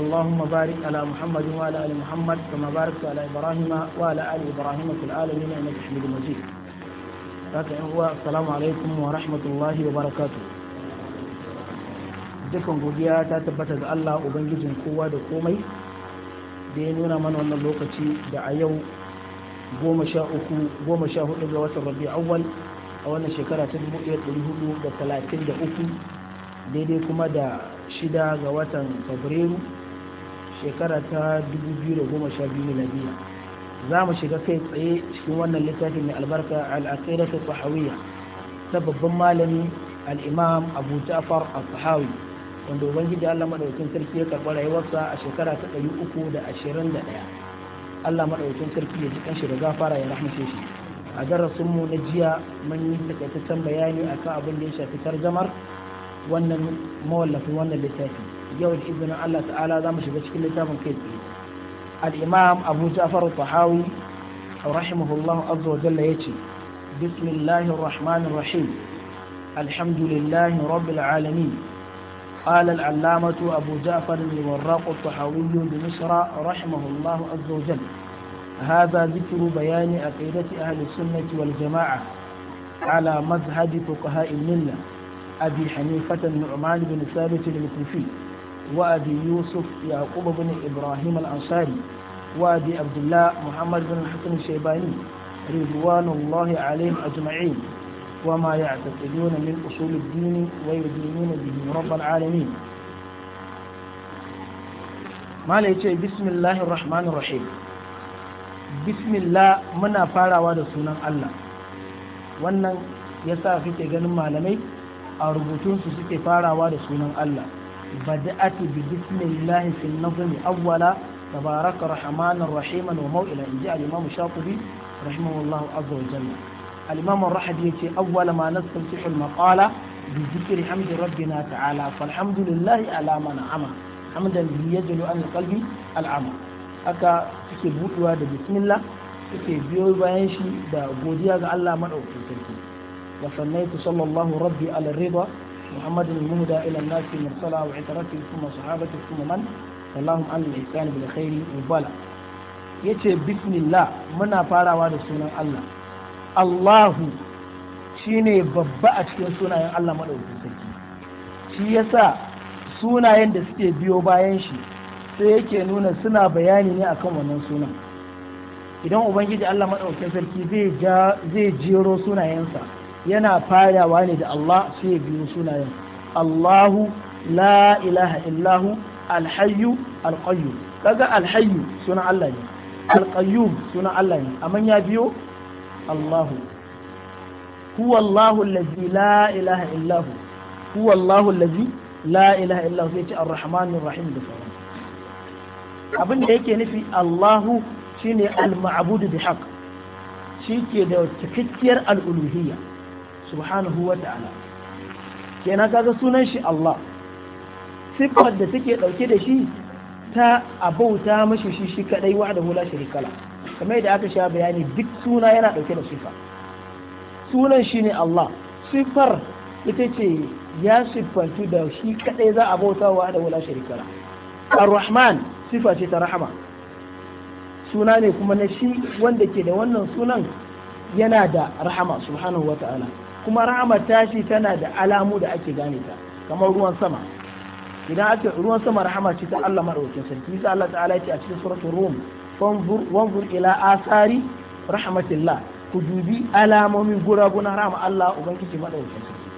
اللهم بارك على محمد وعلى آل محمد كما باركت على إبراهيم وعلى آل إبراهيم في العالمين إنك حميد مجيد السلام عليكم ورحمة الله وبركاته dukkan godiya ta tabbata ga Allah Ubangijin kowa da komai da ya nuna mana wannan lokaci da a yau goma sha uku goma sha hudu ga watan rabi awwal a wannan shekara ta dubu ɗaya ɗari hudu da talatin da uku daidai kuma da shida ga watan fabrairu shekara ta 2012 miladiya za mu shiga kai tsaye cikin wannan littafin mai albarka ta tahawiyya ta babban malami alimam imam Abu Ja'far al-Tahawi wanda ubangiji Allah madaukakin sarki ya karɓi rayuwarsa a shekara ta 321 Allah maɗaukin sarki ya ji kanshi da gafara ya rahmace shi a darasin mu na jiya mun yi takaitaccen bayani akan abin da ya shafi tarjamar wannan mawallafin wannan littafi yau da izinin Allah ta'ala za mu shiga cikin littafin kai tsaye al-imam Abu Ja'far al-Tahawi rahimahullah azza wa jalla yace bismillahir rahmanir rahim alhamdulillahi rabbil alamin قال العلامة أبو جعفر الوراق الطحاوي بمصر رحمه الله عز وجل هذا ذكر بيان عقيدة أهل السنة والجماعة على مذهب فقهاء الملة أبي حنيفة النعمان بن ثابت المكوفي وأبي يوسف يعقوب بن إبراهيم الأنصاري وأبي عبد الله محمد بن الحسن الشيباني رضوان الله عليهم أجمعين وما يعتقدون من أصول الدين ويدينون به رب العالمين ما ليتي بسم الله الرحمن الرحيم بسم الله منا فاروا da sunan Allah wannan yasa kake ganin malamai a rubutunsu suke farawa da sunan Allah بدأت ببسم الله في النظم أولا تبارك رحمن رحيما وموئلا إن جاء الإمام الشاطبي رحمه الله عز وجل الإمام الرحب يتي أول ما نستمسح المقالة بذكر حمد ربنا تعالى فالحمد لله على ما نعم حمدا يجل عن القلب العمى أكا تكبوت واد بسم الله تكي بيو بيانشي دا غوديا الله مدعو في التركي صلى الله ربي على الرضا محمد المهدى إلى الناس مرسلا وعترته ثم صحابته ثم من اللهم عن الإحسان بالخير والبلا yace bismillah muna farawa da sunan Allah Allahu shine babba a cikin sunayen Allah madaukakin sarki shi yasa sunayen da suke biyo bayan shi sai yake nuna suna bayani ne akan wannan sunan idan ubangiji Allah madaukakin sarki zai jero sunayensa yana farawa ne da Allah sai ya biyo sunayen Allahu la ilaha illahu alhayyu alqayyum kaga alhayyu suna Allah ne alqayyum sunan Allah ne amma ya biyo Allahu huwa Allahu allazi la ilaha illahu huwa Allahu allazi la ilaha illahu sai ce arrahmanir rahim da sauran abin da yake nufi Allahu shine al-ma'budu bi haqq shi ke da cikakkiyar al'uluhiyya subhanahu wa ta'ala kenan kaga sunan shi Allah siffar da take dauke da shi ta abauta mashi shi shi kadai wahdahu la sharika la kamar yadda aka sha bayani duk suna yana dauke da siffa sunan shi ne Allah siffar ita ce ya siffantu da shi kadai za a bauta wa da hula sharika la ar-rahman siffa ce ta rahama suna ne kuma na shi wanda ke da wannan sunan yana da rahama subhanahu wa ta'ala kuma rahamar tashi tana da alamu da ake gane ta kamar ruwan sama idan ake ruwan sama rahama ce ta Allah madaukakin sarki sai Allah ta'ala ce a cikin suratul rum wanzur wanzur ila asari rahmatillah ku dubi alamomin guraguna rahama Allah ubangiji madaukakin sarki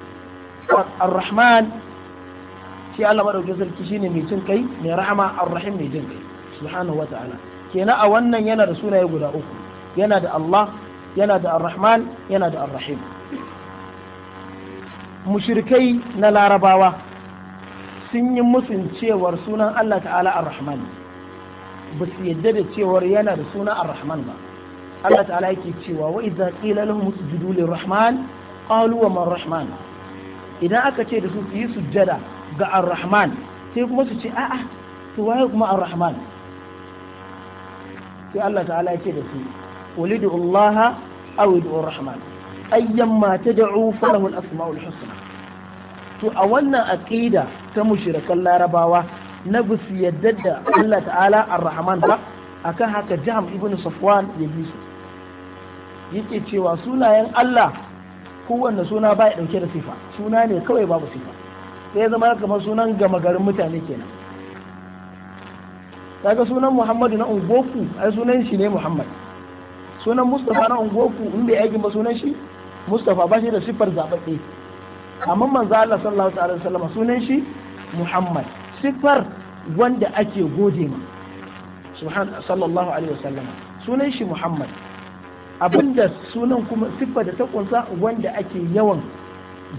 ar-rahman shi Allah madaukakin sarki shine mai cin kai mai rahama ar-rahim mai jin kai subhanahu wa ta'ala kenan a wannan yana da sunaye guda uku yana da Allah yana da ar-rahman yana da ar-rahim mushrikai na larabawa sun yi musun cewar sunan Allah ta'ala ar-rahman ba su yadda da cewar yana da suna ar-rahman ba Allah ta'ala yake cewa wa idza qila lahum usjudu lir-rahman qalu wa man rahman idan aka ce da su su yi sujjada ga ar-rahman sai kuma su ce a'a to waye kuma ar-rahman sai Allah ta'ala yake da su walidu Allah aw ar-rahman ayyan ma ta da'u al-asma'ul husna to a wannan aqida ta mushrikan larabawa na bisu yadda da Allah ta'ala ar-rahman ba akan haka jam ibn safwan ya bi su yake cewa sunayen Allah kowanne suna ba ya dauke da sifa suna ne kawai babu sifa sai zama kamar sunan gama garin mutane kenan kaga sunan Muhammadu na ungoku ai sunan shi ne Muhammad sunan Mustafa na ungoku in bai aikin ba sunan shi mustafa ba shi da siffar zaɓaɓɓe amma manzo Allah sallallahu alaihi wasallam sunan shi Muhammad siffar wanda ake gode ma subhan sallallahu alaihi wasallam sunan shi Muhammad abinda sunan kuma siffar da ta kunsa wanda ake yawan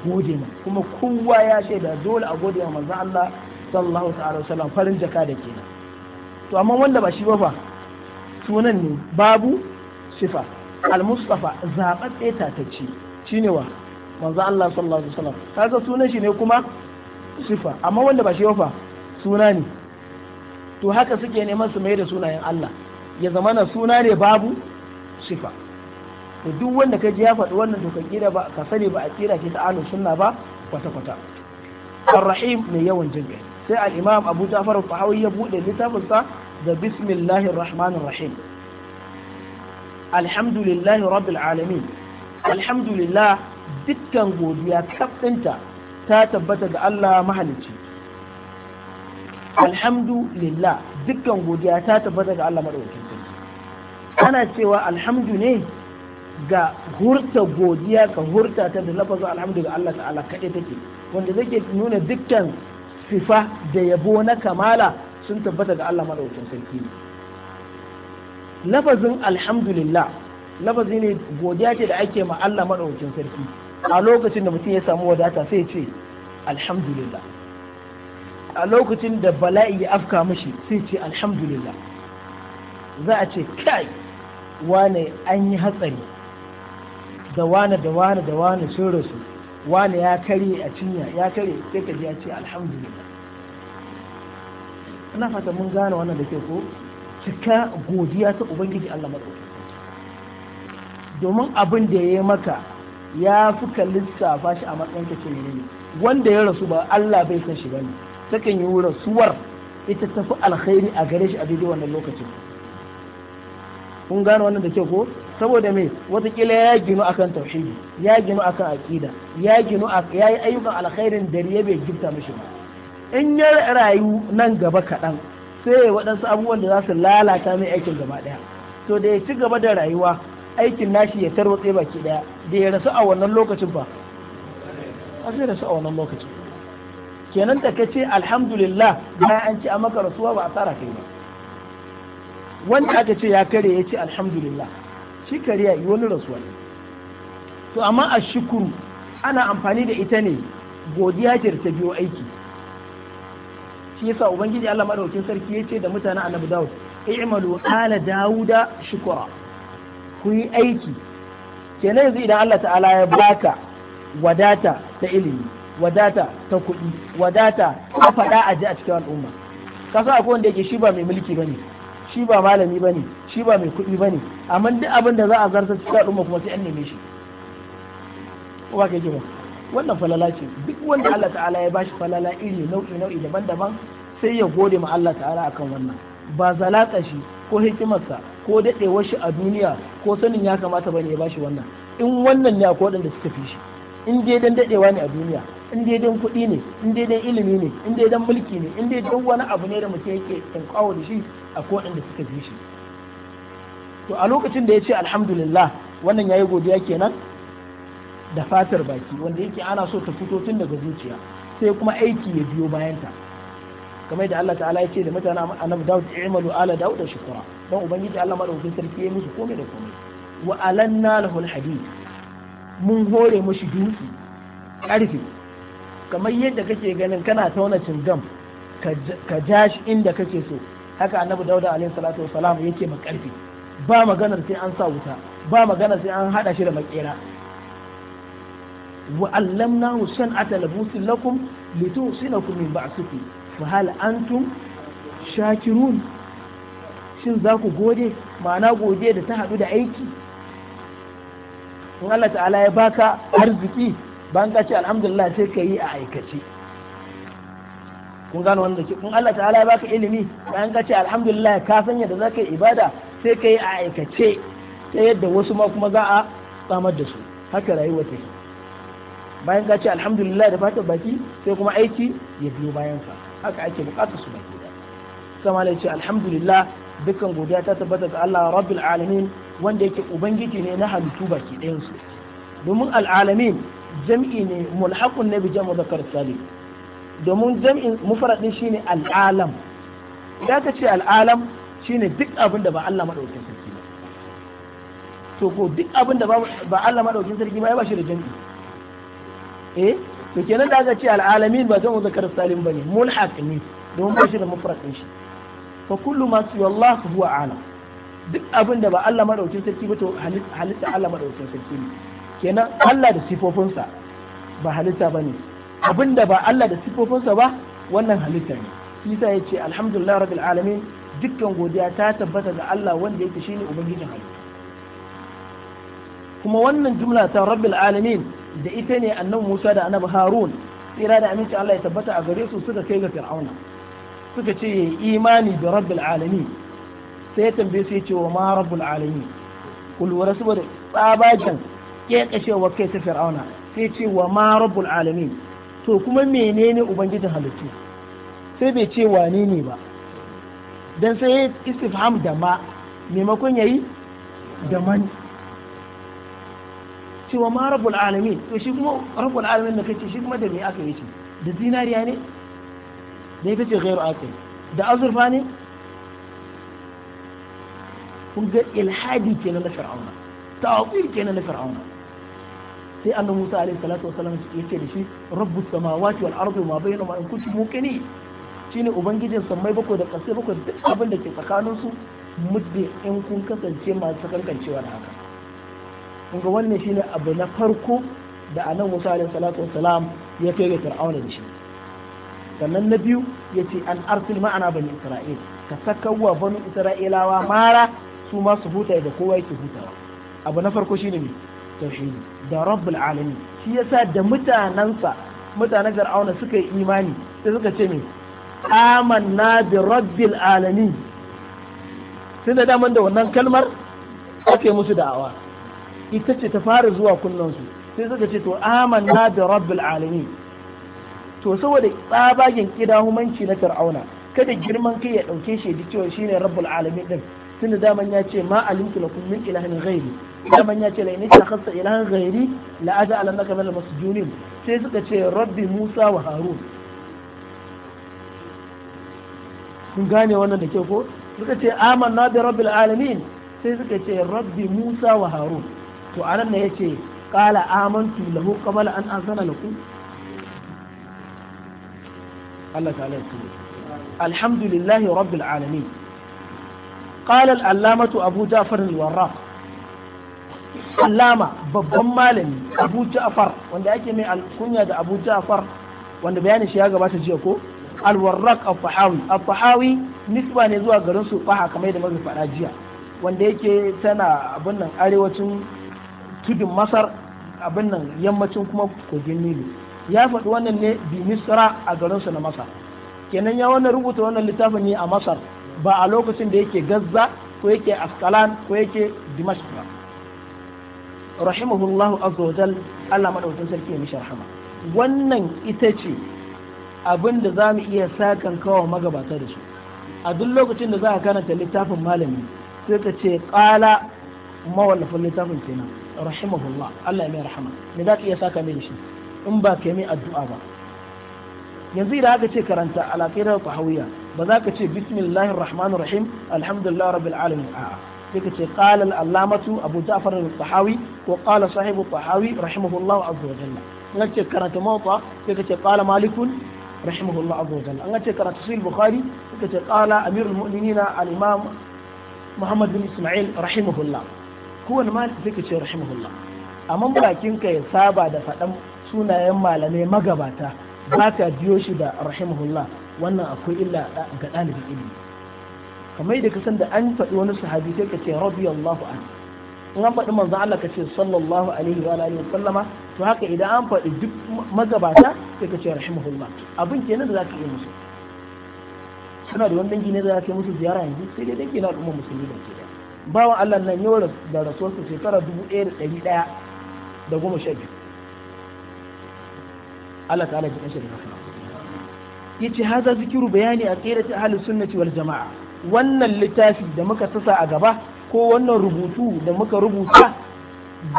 gode ma kuma kowa ya shaida dole a gode ma manzo Allah sallallahu alaihi wasallam farin jaka da kenan to amma wanda ba shi ba fa sunan ne babu sifa al-mustafa zaɓaɓɓe tatacce ne wa manzo Allah sallallahu alaihi wasallam kaga sunan shi ne kuma sifa amma wanda ba shi fa suna ne to haka suke neman su mai da sunayen Allah ya zamana suna ne babu sifa to duk wanda ka ji ya faɗi wannan to ka kira ba ka sani ba a kira ki ta ahlus sunna ba kwata kwata ar-rahim mai yawan jinkai sai al-imam Abu Ja'far al ya bude littafinsa da bismillahir rahmanir rahim alhamdulillahi rabbil alamin alhamdulillah dukkan godiya kafinta ta tabbata ga Allah mahalicci alhamdulillah dukkan godiya ta tabbata ga Allah madaukakin ana cewa alhamdu ne ga hurta godiya ka hurta ta da lafazin alhamdu ga Allah ta'ala kaɗai take wanda zake nuna dukkan sifa da yabo na kamala sun tabbata ga Allah madaukakin sarki ne lafazin alhamdulillah lafazi ne godiya ce da ake ma Allah madaukakin sarki a lokacin da mutum ya samu wadata sai ce alhamdulillah a lokacin da bala'i ya afka mashi sai ce alhamdulillah za a ce kai wane an yi hatsari da wane da wane da wane sun rasu wane ya kare a cinya ya kare sai ka ji ce alhamdulillah ina fata mun gane wannan da ke ko cika godiya ta ubangiji Allah maɗauki domin abin da ya yi maka ya fi lissafa shi a matsayin ka ce ne wanda ya rasu ba Allah bai san shi bane takan yi rasuwar ita tafi alkhairi a gare shi a daidai wannan lokacin kun gane wannan da ke ko saboda me watakila ya ginu akan tauhidi ya ginu akan aqida ya ya yi ayyukan alkhairin dare ya bai gifta mishi ba in ya rayu nan gaba kaɗan sai ya waɗansu abubuwan da za su lalata mai aikin gaba ɗaya to da ya ci gaba da rayuwa aikin nashi ya tarwatse baki ɗaya da ya rasu a wannan lokacin ba a zai rasu a wannan lokacin kenan da ka ce alhamdulillah bayan an ci a maka rasuwa ba a tsara kai ba wanda aka ce ya kare ya ce alhamdulillah shi kare ya yi wani rasuwa ne to amma a shukuru ana amfani da ita ne godiya ce ta biyo aiki shi yasa ubangiji Allah madaukakin sarki yace da mutanen annabi Dawud i'malu ala Dawuda shukura ku yi aiki kenan yanzu idan Allah ta'ala ya baka wadata ta ilimi wadata ta kuɗi wadata ta faɗa a ji a cikin al'umma Ka kasa akwai wanda yake shi ba mai mulki bane shi ba malami bane shi ba mai kuɗi bane amma duk abin da za a zartar cikin al'umma kuma sai an neme shi ko ba yake ba wannan falala ce duk wanda Allah ta'ala ya bashi falala iri nau'i nau'i daban-daban sai ya gode ma Allah ta'ala akan wannan ba zalaka shi ko hikimarsa ko dadewar shi a duniya ko sanin ya kamata bane ya bashi wannan in wannan ne akwai da suka fi shi in dai dan dadewa ne a duniya in dai dan kuɗi ne in dai dan ilimi ne in dai dan mulki ne in dai dan wani abu ne da mutum yake kawo da shi akwai wanda suka fi shi to a lokacin da ya ce alhamdulillah wannan yayi godiya kenan da fatar baki wanda yake ana so ta fito tun daga zuciya sai kuma aiki ya biyo bayanta kamar da Allah ta'ala ya ce da mutane annabi Dawud i'malu ala Dawud da shukura dan ubangiji Allah madaukakin sarki ya musu komai da komai wa alanna lahul hadid mun hore mushi dutse karfi kamar yadda kake ganin kana tauna cingam ka ja inda kake so haka annabi Dawud alaihi salatu wasalam yake ma karfi ba maganar sai an sa wuta ba maganar sai an hada shi da makera san وعلمناه شنعة لبوس لكم لتوصلكم من بعثكم فهل أنتم shakirun shin za ku gode ma'ana gode da ta hadu da aiki in Allah ta'ala ya baka arziki bayan ka ce alhamdulillah sai ka a aikace kun gano wanda ke kun Allah ta'ala ya baka ilimi bayan ka ce alhamdulillah ka san yadda zaka yi ibada sai ka yi a aikace ta yadda wasu ma kuma za a samar da su haka rayuwa take bayan ka ce alhamdulillah da fatan baki sai kuma aiki ya biyo bayan ka haka ake bukatar su baki da sama da ce alhamdulillah dukkan godiya ta tabbata ga Allah rabbil alamin wanda yake ubangiji ne na halittu baki ɗayan su domin al'alamin jam'i ne mulhaqun ne bi jam'u zakar salim domin jam'in mufradin shine al'alam da ka ce al'alam shine duk abin da ba Allah madaukakin sarki ba to ko duk abin da ba Allah madaukakin sarki ba ya ba shi da jam'i eh to kenan da aka ce al'alamin ba zan zakar salim bane mulhaq ne don ba shi da mufrad din shi fa kullu ma su Allah huwa alam duk abin da ba Allah madaukin sarki ba to halitta Allah madaukin sarki ne kenan Allah da sifofinsa ba halitta bane abin da ba Allah da sifofinsa ba wannan halitta ne Isa ya ce alhamdulillah rabbil alamin dukkan godiya ta tabbata ga Allah wanda yake shine ubangijin halitta kuma wannan jumla ta rabbil alamin da ita ne annabi Musa da annabi Harun tsira da aminci Allah ya tabbata a gare su suka kai ga Fir'auna suka ce imani da Rabbul alamin sai ya tambaye su ya ce wa ma Rabbul alamin ku lura ke kace wa kai ta Fir'auna sai ce wa ma Rabbul alamin to kuma menene ubangijin halittu sai bai ce wane ne ba dan sai istifham da ma maimakon yayi da mani cewa ma rabul alamin to shi kuma rabul alamin da kace shi kuma da me aka yi shi da zinariya ne da ya kace ghairu akil da azurfa ne kun ga ilhadi kenan na fir'auna ta'til kenan na fir'auna sai annabi Musa alaihi salatu wasallam yake da shi rabbus samawati wal ardi ma bainahuma in kuntum muqini shine ubangijin sammai bakwai da ƙasai bakwai duk abin da ke tsakaninsu Mudde in kun kasance masu kankancewa da haka kunga wannan shine abu na farko da anan musa alaihi salatu wassalam ya kai ga fir'auna da shi sannan na biyu yace ce an arsil ma'ana bani isra'il ka sakawa bani isra'ilawa mara su ma su huta da kowa yake hutawa abu na farko shine ne tauhidi da rabbul alamin shi yasa da mutanansa mutanen fir'auna suka yi imani sai suka ce me amanna bi rabbil alamin tunda mun da wannan kalmar ake musu da'awa ita ce ta fara zuwa kullansu sai suka ce to amanna da rabbul alamin to saboda tsabagen kidahumanci na fir'auna kada girman kai ya dauke shi da cewa shine rabbul alamin din tunda daman ya ce ma alimtu lakum min ilahin ghairi daman ya ce la in khassa ilahan ghairi la aj'alannaka min al-masjunin sai suka ce rabbi musa wa harun kun gane wannan da ke ko suka ce amanna da rabbul alamin sai suka ce rabbi musa wa harun to anan ne yace qala amantu lahu qabla an azana lakum Allah ta'ala ya alhamdulillah rabbil alamin قال abu jafar al-warraq allama babban malami Abu Ja'far wanda ake mai kunya da Abu Ja'far wanda bayanin shi ya gabata jiya ko Al-Warraq Al-Fahawi Al-Fahawi nisba ne zuwa garin su faha kamar da muka faɗa jiya wanda yake tana abin nan arewacin tudun masar abin nan yammacin kuma kogin nilu ya faɗi wannan ne bi misra a garinsa na masar kenan ya wannan rubuta wannan littafin ne a masar ba a lokacin da yake gazza ko yake askalan ko yake dimashq ba rahimahullahu azza wa jal Allah madaukakin sarki ya mishi rahama wannan ita ce abin da za mu iya sakan kawo magabata da su a duk lokacin da za a karanta littafin malami sai ka ce ƙala mawallafin littafin kenan rahimahullah Allah ya mai rahama me za ka iya saka mai shi in ba ka mai addu'a ba yanzu idan aka ce karanta alaƙira ta hawiya ba za ka ce bismillahir rahmanir rahim alhamdulillah rabbil alamin a'a sai ka ce qala al-allamatu abu ja'far al-tahawi ko qala sahibu tahawi rahimahullah azza wa jalla an ce karanta mawta sai ka ce qala malikun rahimahullah azza wa jalla an ce karanta sahih bukhari sai ka ce qala amirul mu'minina al-imam muhammad bin isma'il rahimahullah kowane ma sai ka ce rahimahullah amma bakin ka ya saba da faɗan sunayen malamai magabata ba ka biyo shi da rahimahullah wannan akwai illa ga ɗalibin ilimi kamar yadda kasan da an faɗi wani sahabi sai ka ce radiyallahu an in an faɗi manzan Allah ka ce sallallahu alaihi wa alihi wa sallama to haka idan an faɗi duk magabata sai ka ce rahimahullah abin kenan da za ka yi musu suna da wani dangi ne da za ka yi musu ziyara yanzu sai dai dangi na al'ummar musulmi da ke da bawan Allah nan yau da rasuwarsa shekara dubu ɗaya da ɗari ɗaya da goma sha biyu Allah ta'ala ji kashe da Ya ce, haza zikiru bayani a ta halin sunnati wal jamaa wannan littafi da muka sasa a gaba ko wannan rubutu da muka rubuta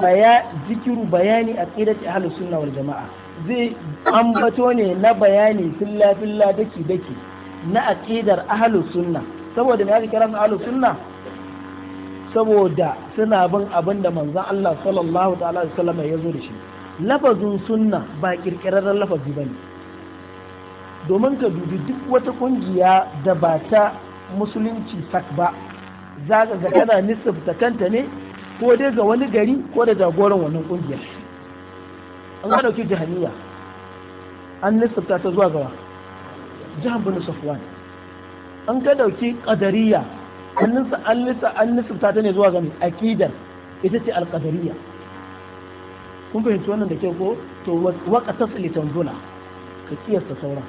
baya zikiru bayani a ta ahli sunna wal jamaa zai ambato ne na bayani filla filla daki daki na aqidar ahli sunna saboda me aka kira su ahli sunna saboda suna bin abin da manzan Allah sallallahu ta'ala alaihi wasallam ya zo da shi lafazin sunna ba kirkirarren lafazi ne. domin ka dubi duk wata kungiya da ba ta musulunci sak ba za ka ga kana nisabta kanta ne ko dai ga wani gari ko da jagoran wannan kungiyar an ga dauki jahaniya an nisabta ta zuwa gawa jihar bin safwan an ka dauki qadariya hannunsa an lissafta ta ne zuwa ga akidar ita ce alƙadariya kun fahimci wannan da ke ko to waka tasli tanzuna ka kiyasta sauran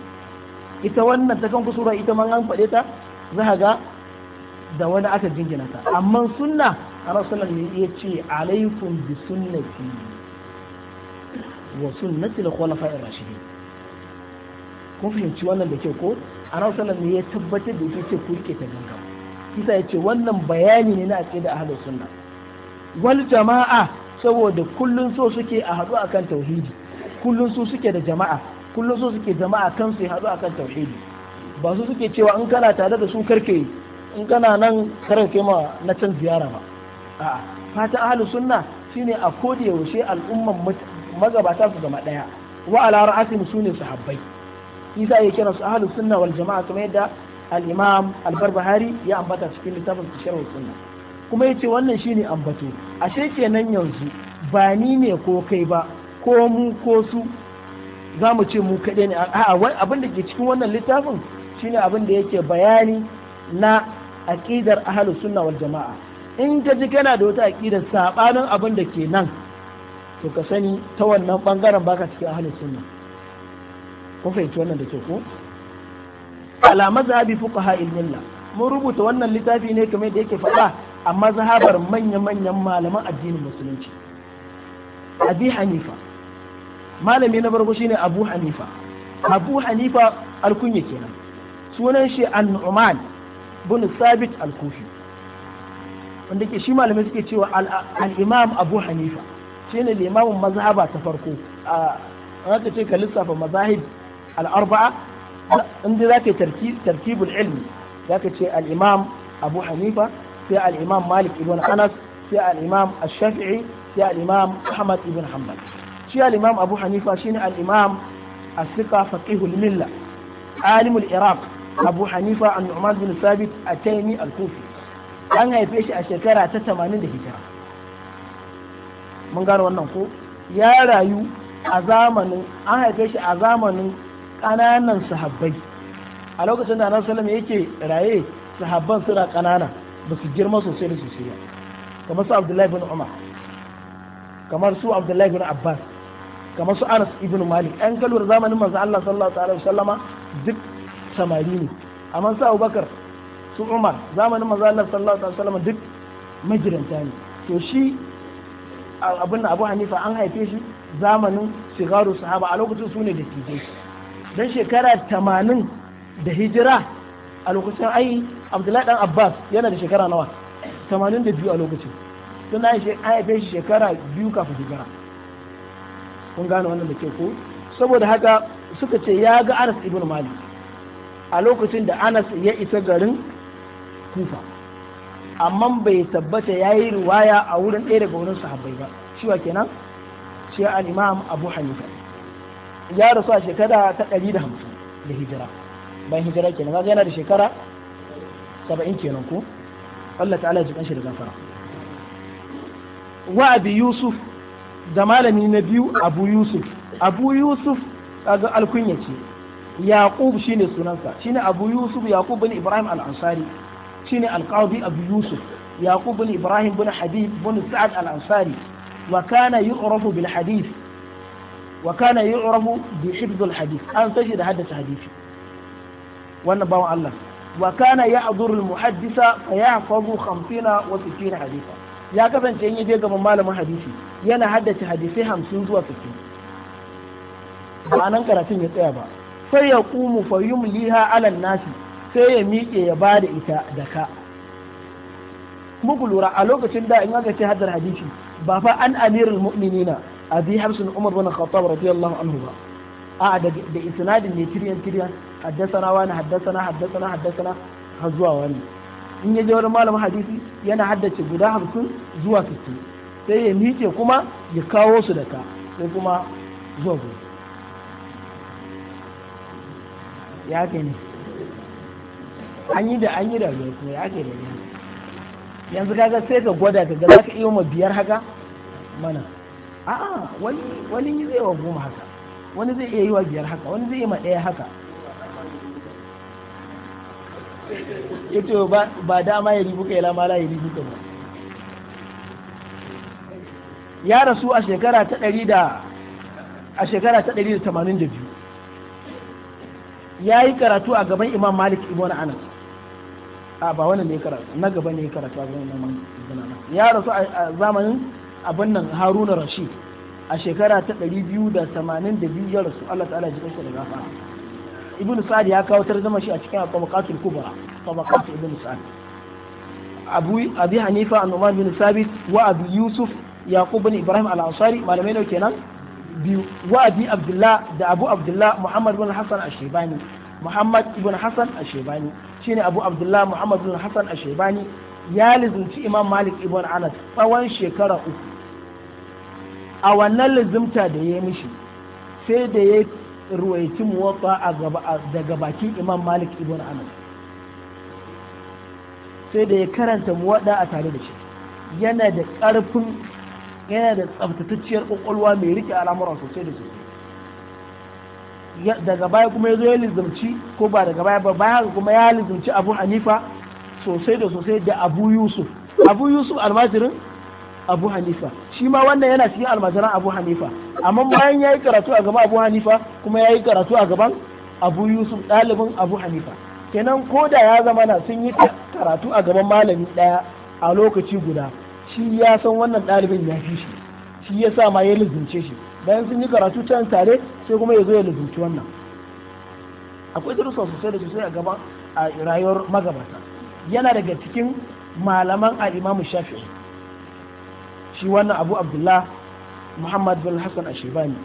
ita wannan ta kan kusura ita man an faɗe ta za ka ga da wani aka jingina ta amma sunna a rasulun ne ya ce alaikum bi sunnati wa sunnati da kwalafa in rashidi kun fahimci wannan da ke ko a rasulun ne ya tabbatar da ita ce ku rike ta gangan kisa ya ce wannan bayani ne na da ahlus sunna wal jama'a saboda kullun so suke a haɗu akan tauhidi kullun su suke da jama'a kullun so suke jama'a kan su haɗu akan tauhidi ba su suke cewa in kana tare da su karke in kana nan karke ma na can ziyara ba a'a fatan ahlus sunna shine a koda yaushe al'umman magabata su zama daya wa ala ne sune sahabbai isa ya kira su ahlus sunna wal jama'a kuma yadda al’imam albarbahari ya ambata cikin littafin sharh sunna kuma yace wannan shine ambato ashe kenan yanzu ba ni ne ko kai ba ko mu ko su za mu ce mu kaɗai ne a abin da ke cikin wannan littafin shine abin da yake bayani na aƙidar ahlus sunna wal jama'a in ka ji kana da wata aƙidar saɓanin abin da ke nan to ka sani ta wannan bangaren baka cikin ahlus sunna ko fahimci wannan da ke ko ala mazhabi fuqaha al-milla mun rubuta wannan littafi ne kamar da yake faɗa a mazhabar manya-manyan malaman addinin musulunci abi hanifa malami na farko shine abu hanifa abu hanifa alkunya kenan sunan shi an-nu'man bin sabit al-kufi wanda ke shi malamai suke cewa al-imam abu hanifa shine limamin mazhaba ta farko a ce ka lissafa mazahib al-arba'a in dai zaka tartibul ilmi zaka ce al-imam Abu Hanifa sai al-imam Malik ibn Anas sai al-imam Ash-Shafi'i sai al-imam Ahmad ibn Hanbal shi al-imam Abu Hanifa shine al-imam as-siqa faqihul milla alimul Iraq Abu Hanifa an-Nu'man bin Thabit at-Taymi al-Kufi an haife shi a shekara ta 80 da hijira mun gano wannan ko ya rayu a zamanin an haife shi a zamanin ƙananan sahabbai a lokacin da annabi sallallahu yake raye sahabban suna ƙanana ba su girma sosai da sosai ba kamar su abdullahi bin umar kamar su abdullahi bin abbas kamar su anas ibn malik ɗan kalwar zamanin manzo allah sallallahu alaihi wasallama duk samari ne amma su abubakar su umar zamanin manzo allah sallallahu alaihi wasallama duk magidanta ne to shi abin abu hanifa an haife shi zamanin shigaru sahaba a lokacin su ne da tijai dan shekara tamanin da hijira a lokacin ai abdullahi dan abbas yana da shekara nawa tamanin da biyu a lokacin tun da an haife shi shekara biyu kafin hijira kun gane wannan da ke ko saboda haka suka ce ya ga anas ibn malik a lokacin da anas ya isa garin kufa amma bai tabbata ya yi riwaya a wurin ɗaya daga wurin sahabbai ba shi wa kenan shi al-imam abu hanifa ya rasu a shekara ta ɗari da hamsin da hijira bayan hijira kenan kaga yana da shekara saba'in kenan ko Allah ta'ala ji kanshi da gafara wa abi yusuf da malami na biyu abu yusuf abu yusuf kaga alkunya ce yaqub shine sunansa shine abu yusuf yaqub bin ibrahim al-ansari shine alqadi abu yusuf yaqub bin ibrahim bin habib bin sa'ad al-ansari wa kana yu'rafu bil hadith wa kana yu'rafu bi hifdhil hadith an sashi da haddace hadisi wannan bawan Allah wa ya ya'dhuru al muhaddisa fa yahfazu 50 wa 60 ya kasance in je gaban malamin hadisi yana haddace hadisai 50 zuwa 60 ba nan karatun ya tsaya ba sai ya kumu fa yumliha ala nasi sai ya miƙe ya ba da ita da ka muku lura a lokacin da in aka ce haddar hadisi ba fa an amirul mu'minina abi hamsin umar bin khattab radiyallahu anhu ba a da isnadin ne tiryan tiryan haddasana wani haddasana haddasana haddasana har zuwa wani in ya je wani malamin hadisi yana haddace guda hamsin zuwa sittin sai ya miƙe kuma ya kawo su da ka sai kuma zuwa gobe ya ke ne an yi da an kuma ya ke da yanzu kaga sai ka gwada ka ga za ka iya ma biyar haka mana a'a wani wani zai wa goma haka wani zai iya yi wa biyar haka wani zai yi ma ɗaya haka yato ba dama ya ribuka ya lamala ya ribuka ba ya rasu a shekara ta ɗari da a shekara ta ɗari da tamanin da biyu ya yi karatu a gaban imam malik ibn anas a ba wannan ne karatu na gaban ne karatu a gaban imam malik ibn anas ya rasu a zamanin abin nan haruna rashid a shekara ta 282 ya rasu Allah ta'ala ji kansa da gafara ibnu sa'ad ya kawo tarjuma shi a cikin tabaqatul kubra tabaqat ibnu sa'ad abu abi hanifa an-numan bin sabit wa abu yusuf yaqub bin ibrahim al-ansari malamai ne kenan biyu wa abi abdullah da abu abdullah muhammad bin hasan ash-shaybani muhammad ibn hasan ash-shaybani shine abu abdullah muhammad bin hasan ash-shaybani ya lizinci imam malik ibn anas tsawon shekara uku a wannan lizimta da ya yi mishi sai da ya ruwaiti muwatsa daga bakin imam malik ibn anas sai da ya karanta muwaɗa a tare da shi yana da ƙarfin yana da tsaftatacciyar ƙwaƙwalwa mai rike al'amura sosai da sosai daga baya kuma ya zo ya lizimci ko ba daga baya ba baya kuma ya lizimci abu hanifa sosai da sosai da abu yusuf abu yusuf almajirin abu hanifa shi ma wannan yana cikin almajiran abu hanifa amma bayan ya yi karatu a gaban abu hanifa kuma ya yi karatu a gaban abu yusuf ɗalibin abu hanifa kenan ko da ya zama na sun yi karatu a gaban malami ɗaya a lokaci guda shi ya san wannan ɗalibin ya fi shi shi ya sa ma ya lizince shi bayan sun yi karatu can tare sai kuma ya zo ya lizince wannan akwai darussa sosai da sosai a gaban a rayuwar magabata yana daga cikin malaman al'imamu shafi'i shi wannan abu abdullah muhammad bin hassan ashibani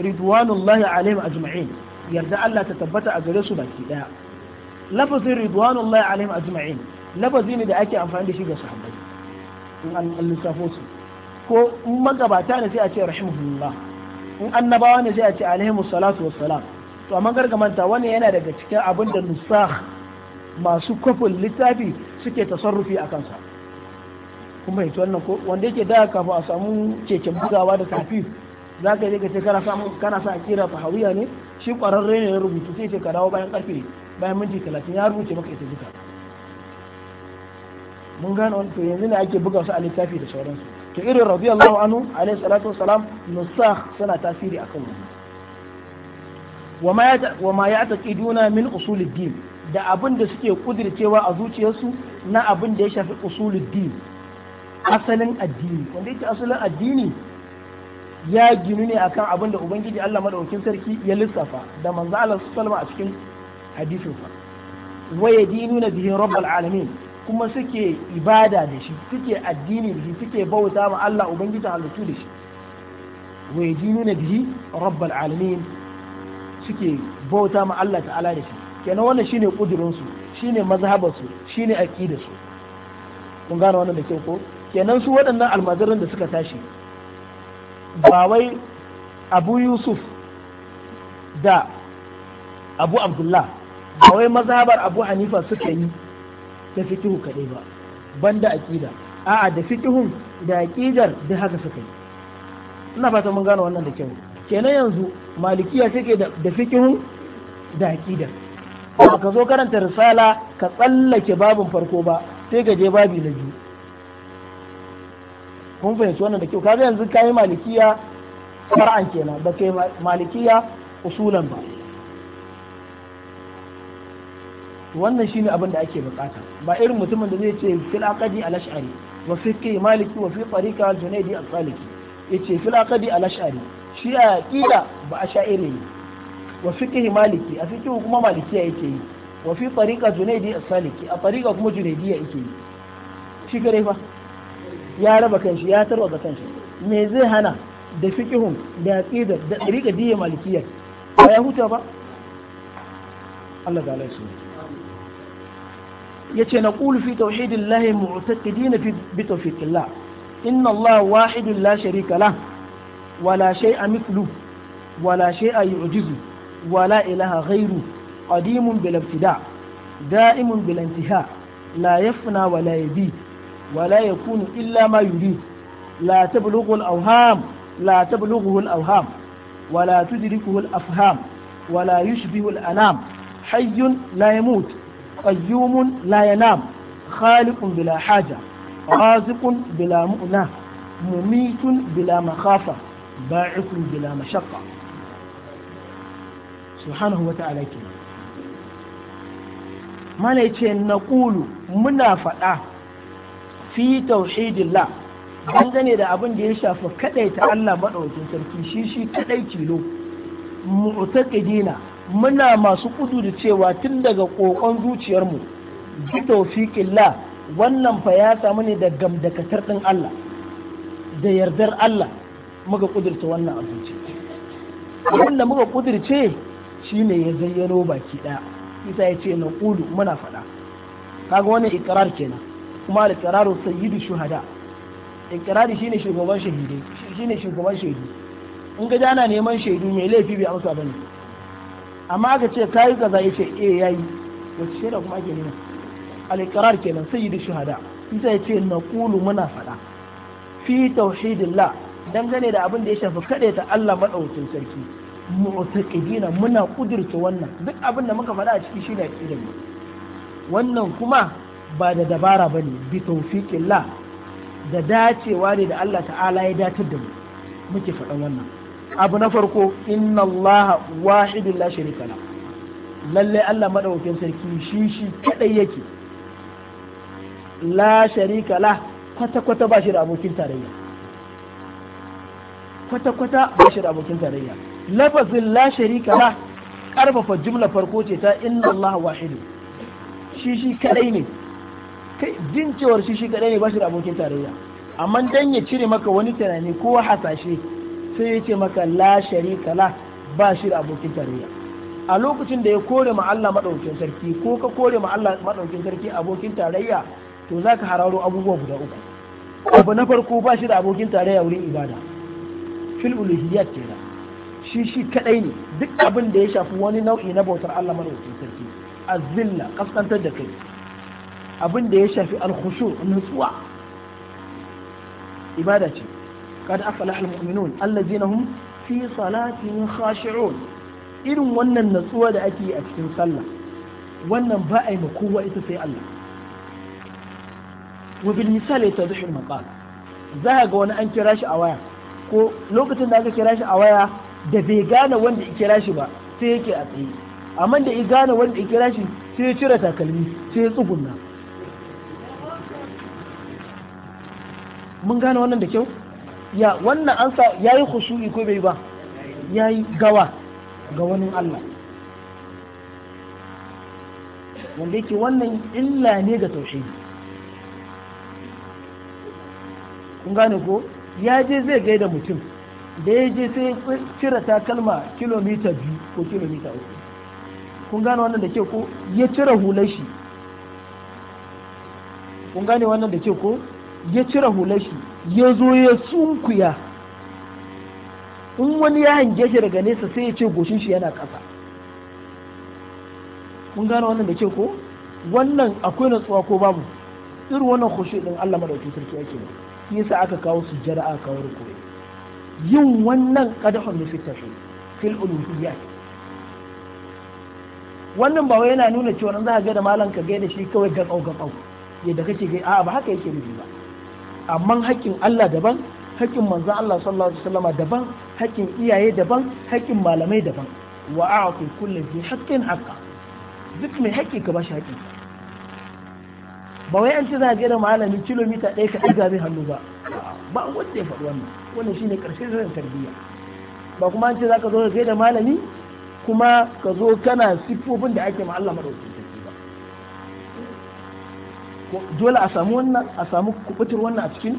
ridwanullahi alaihim ajma'in yarda Allah ta tabbata a gare su baki daya lafazin ridwanullahi alaihim ajma'in lafazi ne da ake amfani da shi ga sahabbai in an lissafo su ko in magabata ne sai a ce rahimahullah in annabawa ne sai a ce alaihim salatu wassalam to amma gargamanta wani yana daga cikin abin da nusakh masu kofin littafi suke tasarrufi a kansa kuma ita wannan ko wanda yake da kafa a samu keken bugawa da tafi za ka yi ka ce kana samu kana sa akira hawiya ne shi kwararre ne ya rubutu sai ce ka bayan karfe bayan minti talatin ya rubuce maka ita duka mun gane wani to yanzu ne ake buga su a littafi da sauransu to irin radiyallahu anhu alaihi salatu nusakh suna tasiri akan wannan wa ma ya taƙiduna min usulid din da abin da suke kudircewa a zuciyarsu na abin da ya shafi usulid din asalin addini wanda yake asalin addini ya ginu ne akan abin da ubangiji Allah madaukakin sarki ya lissafa da manzo Allah sallama a cikin hadisin sa wa yadinuna bihi rabbul alamin kuma suke ibada da shi suke addini da shi suke bauta ma Allah ubangiji halittu da shi wa yadinuna bihi rabbul alamin suke bauta ma Allah ta'ala da shi kenan wannan shine kudurin su shine mazhabar su shine aqidar su kun gane wannan da kyau ko kenan su waɗannan almajiran da suka tashi ba wai abu yusuf da abu abdullah ba wai mazabar abu hanifa suka yi da fikihu kaɗai ba banda aƙida a'a da fikihun da aƙidar da haka suka yi ina fata mun gano wannan da kyau kenan yanzu malikiya take da fikihun da aƙidar ba ka zo karanta risala ka tsallake babin farko ba sai ka je babi na biyu kun fahimci wannan da kyau kaga yanzu kayi malikiya far'an kenan ba kai malikiya usulan ba wannan shine abin da ake bukata ba irin mutumin da zai ce fil aqdi al ash'ari wa fi maliki wa fi tariqa junaydi al saliki yace fil aqdi al ash'ari shi a aqida ba ash'ari ne wa fiqhi maliki a fiqhi kuma malikiya yake yi wa fi tariqa junaydi al saliki a tariqa kuma junaidiya yake yi shi gare fa ya raba kanshi ya tarwata kanshi me zai hana da fiqhun da aqidar da rika diyya malikiyya ba ya huta ba Allah ta'ala shi yace na qulu fi tauhidillahi mu'taqidina bi tawfiqillah inna Allah wahidun la sharika lah wala shay'a mithlu wala shay'a yu'jizu wala ilaha ghayru qadimun bil ibtida' da'imun bil intiha la yafna yabid ولا يكون إلا ما يريد لا تبلغه الأوهام لا تبلغه الأوهام ولا تدركه الأفهام ولا يشبه الأنام حي لا يموت قيوم لا ينام خالق بلا حاجة رازق بلا مؤنة مميت بلا مخافة باعث بلا مشقة سبحانه وتعالى كنا ما نقول منا فأه fi tauhidillah ne da abin da ya shafi kadai ta Allah maɗaukin sarki shi shi kadai tilo mu'taqidina muna masu kudu da cewa tun daga kokon zuciyarmu bi tawfiqillah wannan fa ya samu ne da gamdakatar din Allah da yardar Allah muka kudurta wannan abinci da muka kudurce shine ya zayyano baki daya isa ya ce na kudu muna faɗa kaga wannan ikrar kenan kuma al-iqraru sayyidu shuhada iqrari shine shugaban shahidai shine shugaban shaidu in ga na neman shaidu mai laifi bai amsa bane amma aka ce kayi kaza e eh yayi wace shaida kuma ake nema al-iqrar kenan sayyidu shuhada sai ya ce naqulu muna fada fi tauhidillah dangane da abin da ya shafi ta Allah madaukakin sarki mu'taqidina muna kudirce wannan duk abin da muka fada a ciki shine aqidar mu wannan kuma ba da dabara ba ne bi taufiƙillah da dacewa ne da Allah ta'ala ya datar da mu muke faɗan wannan abu na farko inna Allah wahidun la sharika la lalle Allah madaukakin sarki shi shi kadai yake la sharika la kwata kwata ba shi da abokin tarayya kwata kwata ba shi da abokin tarayya lafazin la sharika la karfafa jumla farko ce ta inna Allah wahidu shi shi kadai ne jin cewar shi shi kadai ne ba shi da abokin tarayya amma dan ya cire maka wani tunani ko hasashe sai ya ce maka la sharika la ba shi da abokin tarayya a lokacin da ya kore ma Allah madaukin sarki ko ka kore ma Allah madaukin sarki abokin tarayya to zaka hararo abubuwa guda uku abu na farko ba shi da abokin tarayya wurin ibada fil uluhiyyat kenan shi shi kadai ne duk abin da ya shafi wani nau'i na bautar Allah madaukin sarki azilla kaskantar da kai abin da ya shafi alkhushu nutsuwa ibada ce kad afala almu'minun allazina hum fi salatihim khashi'un irin wannan natsuwa da ake a cikin sallah wannan ba a yi ma kowa ita sai Allah wa bil misali tadhihul maqal za ga wani an kira shi a waya ko lokacin da aka kira shi a waya da bai gane wanda ya kira shi ba sai yake a tsaye amma da ya gane wanda ya kira shi sai ya cire takalmi sai ya tsugunna mun gane wannan da kyau ya wannan an sa yi khushu'i ko bai ba ya yi gawa ga wani Allah wanda yake wannan illa ne ga taushe kun gane ko ya je zai gaida mutum da ya je sai cire takalma kilomita biyu ko kilomita uku kun gane wannan da ke ko ya cire hular shi kun gane wannan da ke ko ya cire hulashi ya zo ya sunkuya in wani ya hange shi daga nesa sai ya ce goshin shi yana ƙasa mun gane wannan da ke ko wannan akwai natsuwa ko babu irin wannan khushu din Allah madaukakin sarki yake ne shi yasa aka kawo su jara aka kawo rukuyi yin wannan qadahun ne fitta shi fil uluhiyyah wannan ba wai yana nuna cewa za ka ga da malam ka ga da shi kawai ga tsau ga tsau yadda kake ga a'a ba haka yake nufi ba amma haƙƙin Allah daban haƙƙin manzo Allah sallallahu alaihi wasallama daban haƙƙin iyaye daban haƙƙin malamai daban wa a'ti kulli bi haqqin haqqa duk mai haƙƙi ka bashi haƙƙi ba wai an ce za a ga da malami kilomita ɗaya ka ɗaga zai hannu ba ba wanda ya faɗi wannan wannan shine ƙarshen zan tarbiyya ba kuma an ce za ka zo ka da malami kuma ka zo kana siffofin da ake ma Allah maɗauki dole a samu wannan a samu kubutar wannan a cikin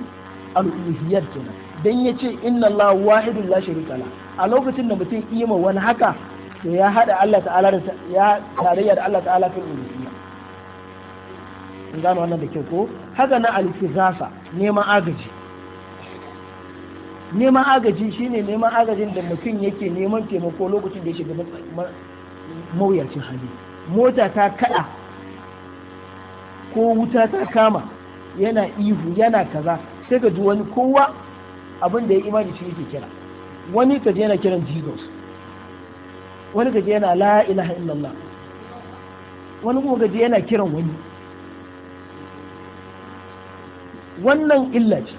al'uhiyar kenan dan yace inna Allah wahidun la sharika la a lokacin da mutum iya ma wani haka to ya hada Allah ta'ala da ya tarayya da Allah ta'ala fil uluhiyya in gano wannan da kyau ko haka na al-istighasa neman agaji neman agaji shine neman agajin da mutum yake neman taimako lokacin da ya shiga mawuyacin hali mota ta kada ko wuta ta kama yana ihu yana kaza sai ka ji wani kowa abin da ya imani shi yake kira wani ka yana kiran jesus wani ka yana la ilaha illallah wani kuma ka yana kiran wani wannan illa ce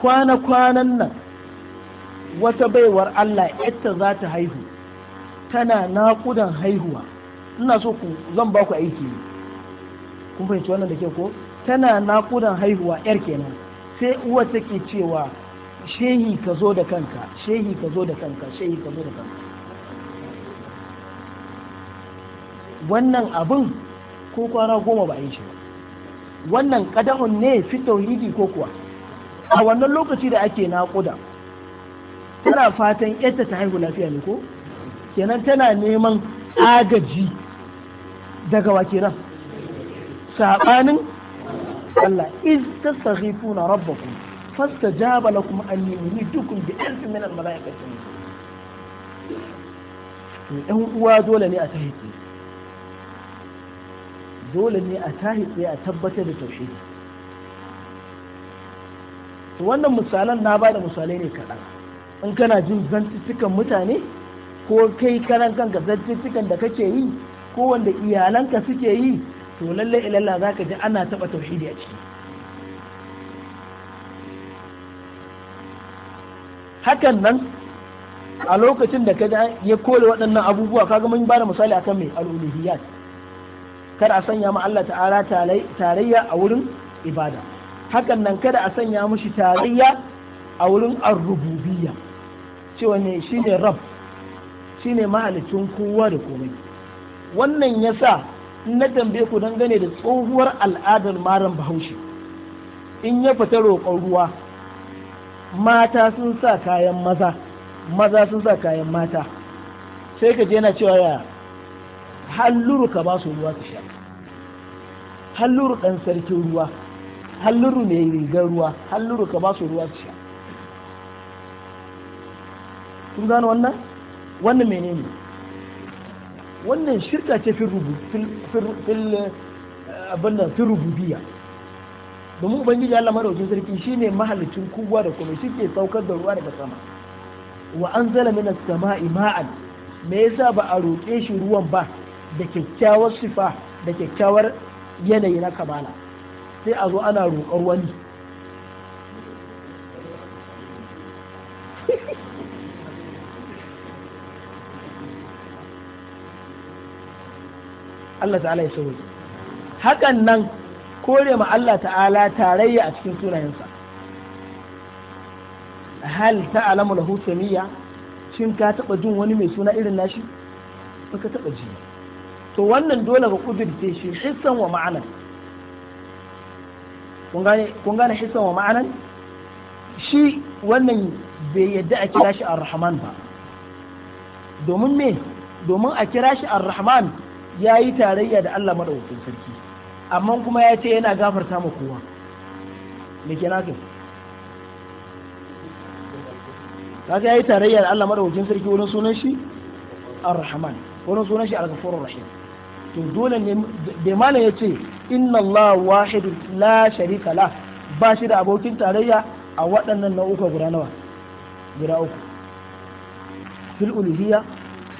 kwana-kwanan nan wata baiwar Allah yadda za ta haihu tana naƙudan haihuwa ina so ku zan ba ku aiki kun fahimci wannan da ke ko tana naƙudan haihuwa yar kenan sai uwa take cewa shehi ka zo da kanka shehi ka zo da kanka shehi ka zo da kanka wannan abin ko kwana goma ba a yi shi ba wannan kadahun ne fi tauhidi ko kuwa a wannan lokaci da ake naƙuda tana fatan yadda ta haihu lafiya ne ko kenan tana neman agaji daga wake nan sabanin Allah iz tastaghifuna rabbakum fastajaba lakum anni umiddukum bi alfin min al malaikati ɗan uwa dole ne a tahiti dole ne a tahiti a tabbatar da tauhidi to wannan misalan na bada misalai ne kaɗan in kana jin zantuttukan mutane ko kai karan kanka zantuttukan da kake yi ko wanda iyalanka suke yi to lalle ilalla za ka ji ana taɓa tauhidi a ciki hakan nan a lokacin da kaga ya kore waɗannan abubuwa kaga mun ba da misali akan mai al'uluhiyat kada a sanya ma Allah ta'ala tarayya a wurin ibada hakan nan kada a sanya mushi tarayya a wurin ar cewa ne shine rabb shine mahalicin kowa da komai wannan ya sa na tambaye ku don gane da tsohuwar al'adar maran bahaushe in ya fita roƙon ruwa mata sun sa kayan maza maza sun sa kayan mata sai ka je yana cewa ya halluru ka ba su ruwa su sha halluru ɗan sarkin ruwa halluru mai rigar ruwa halluru ka ba su ruwa su sha kun gano wannan wannan menene wannan shirka ce fi eh, rububiya domin ubangiji Allah madaukakin sarki shine mahallicin kowa da kuma shi ke saukar da ruwa daga sama wa an zala mina sama ima'an me yasa ba a roƙe shi ruwan ba da kyakkyawar sifa da kyakkyawar yanayi na kamala sai a zo ana roƙar wani Allah ta'ala ya sauri hakan nan kore ma Allah ta'ala tarayya a cikin sunayensa hal ta'alamu lahu samiyya shin ka taba jin wani mai suna irin nashi baka taba ji to wannan dole ka kudurce shi hissan wa ma'anan kun gane hissan wa ma'anan shi wannan bai yadda a kira shi ar-rahman ba domin me domin a kira shi ar-rahman ya yi tarayya da Allah maɗaukakin sarki amma kuma ya ce yana gafarta ma kowa me ke naka kaga ya yi tarayya da Allah maɗaukakin sarki wurin sunan shi ar-rahman wurin sunan shi al-ghafurur rahim to dole ne bai mana ya ce inna Allah wahid la sharika la ba shi da abokin tarayya a waɗannan nau'uka guda nawa guda uku fil uluhiyya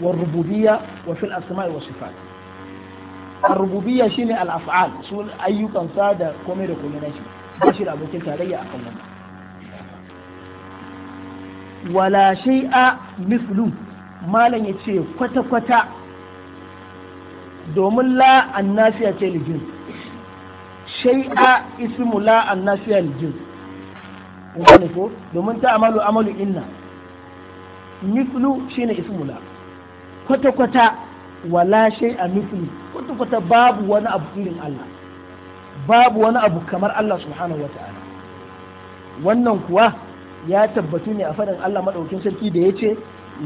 wal rububiyya wa fil asma'i was sifat ar-rububiyya ne al-af'al su ayyukan sa da komai da komai nashi ba shi da abokin tarayya a kan wannan wala shay'a mislu malam ce kwata kwata domin la nasiya ce lijin shay'a ismu la nasiya lijin wani ko domin ta amalu amalu inna mislu ne ismu la kwata kwata wala shay a mithli kwata kwata babu wani abu irin Allah babu wani abu kamar Allah subhanahu wata'ala wannan kuwa ya tabbatu ne a faɗin Allah madaukin sarki da yace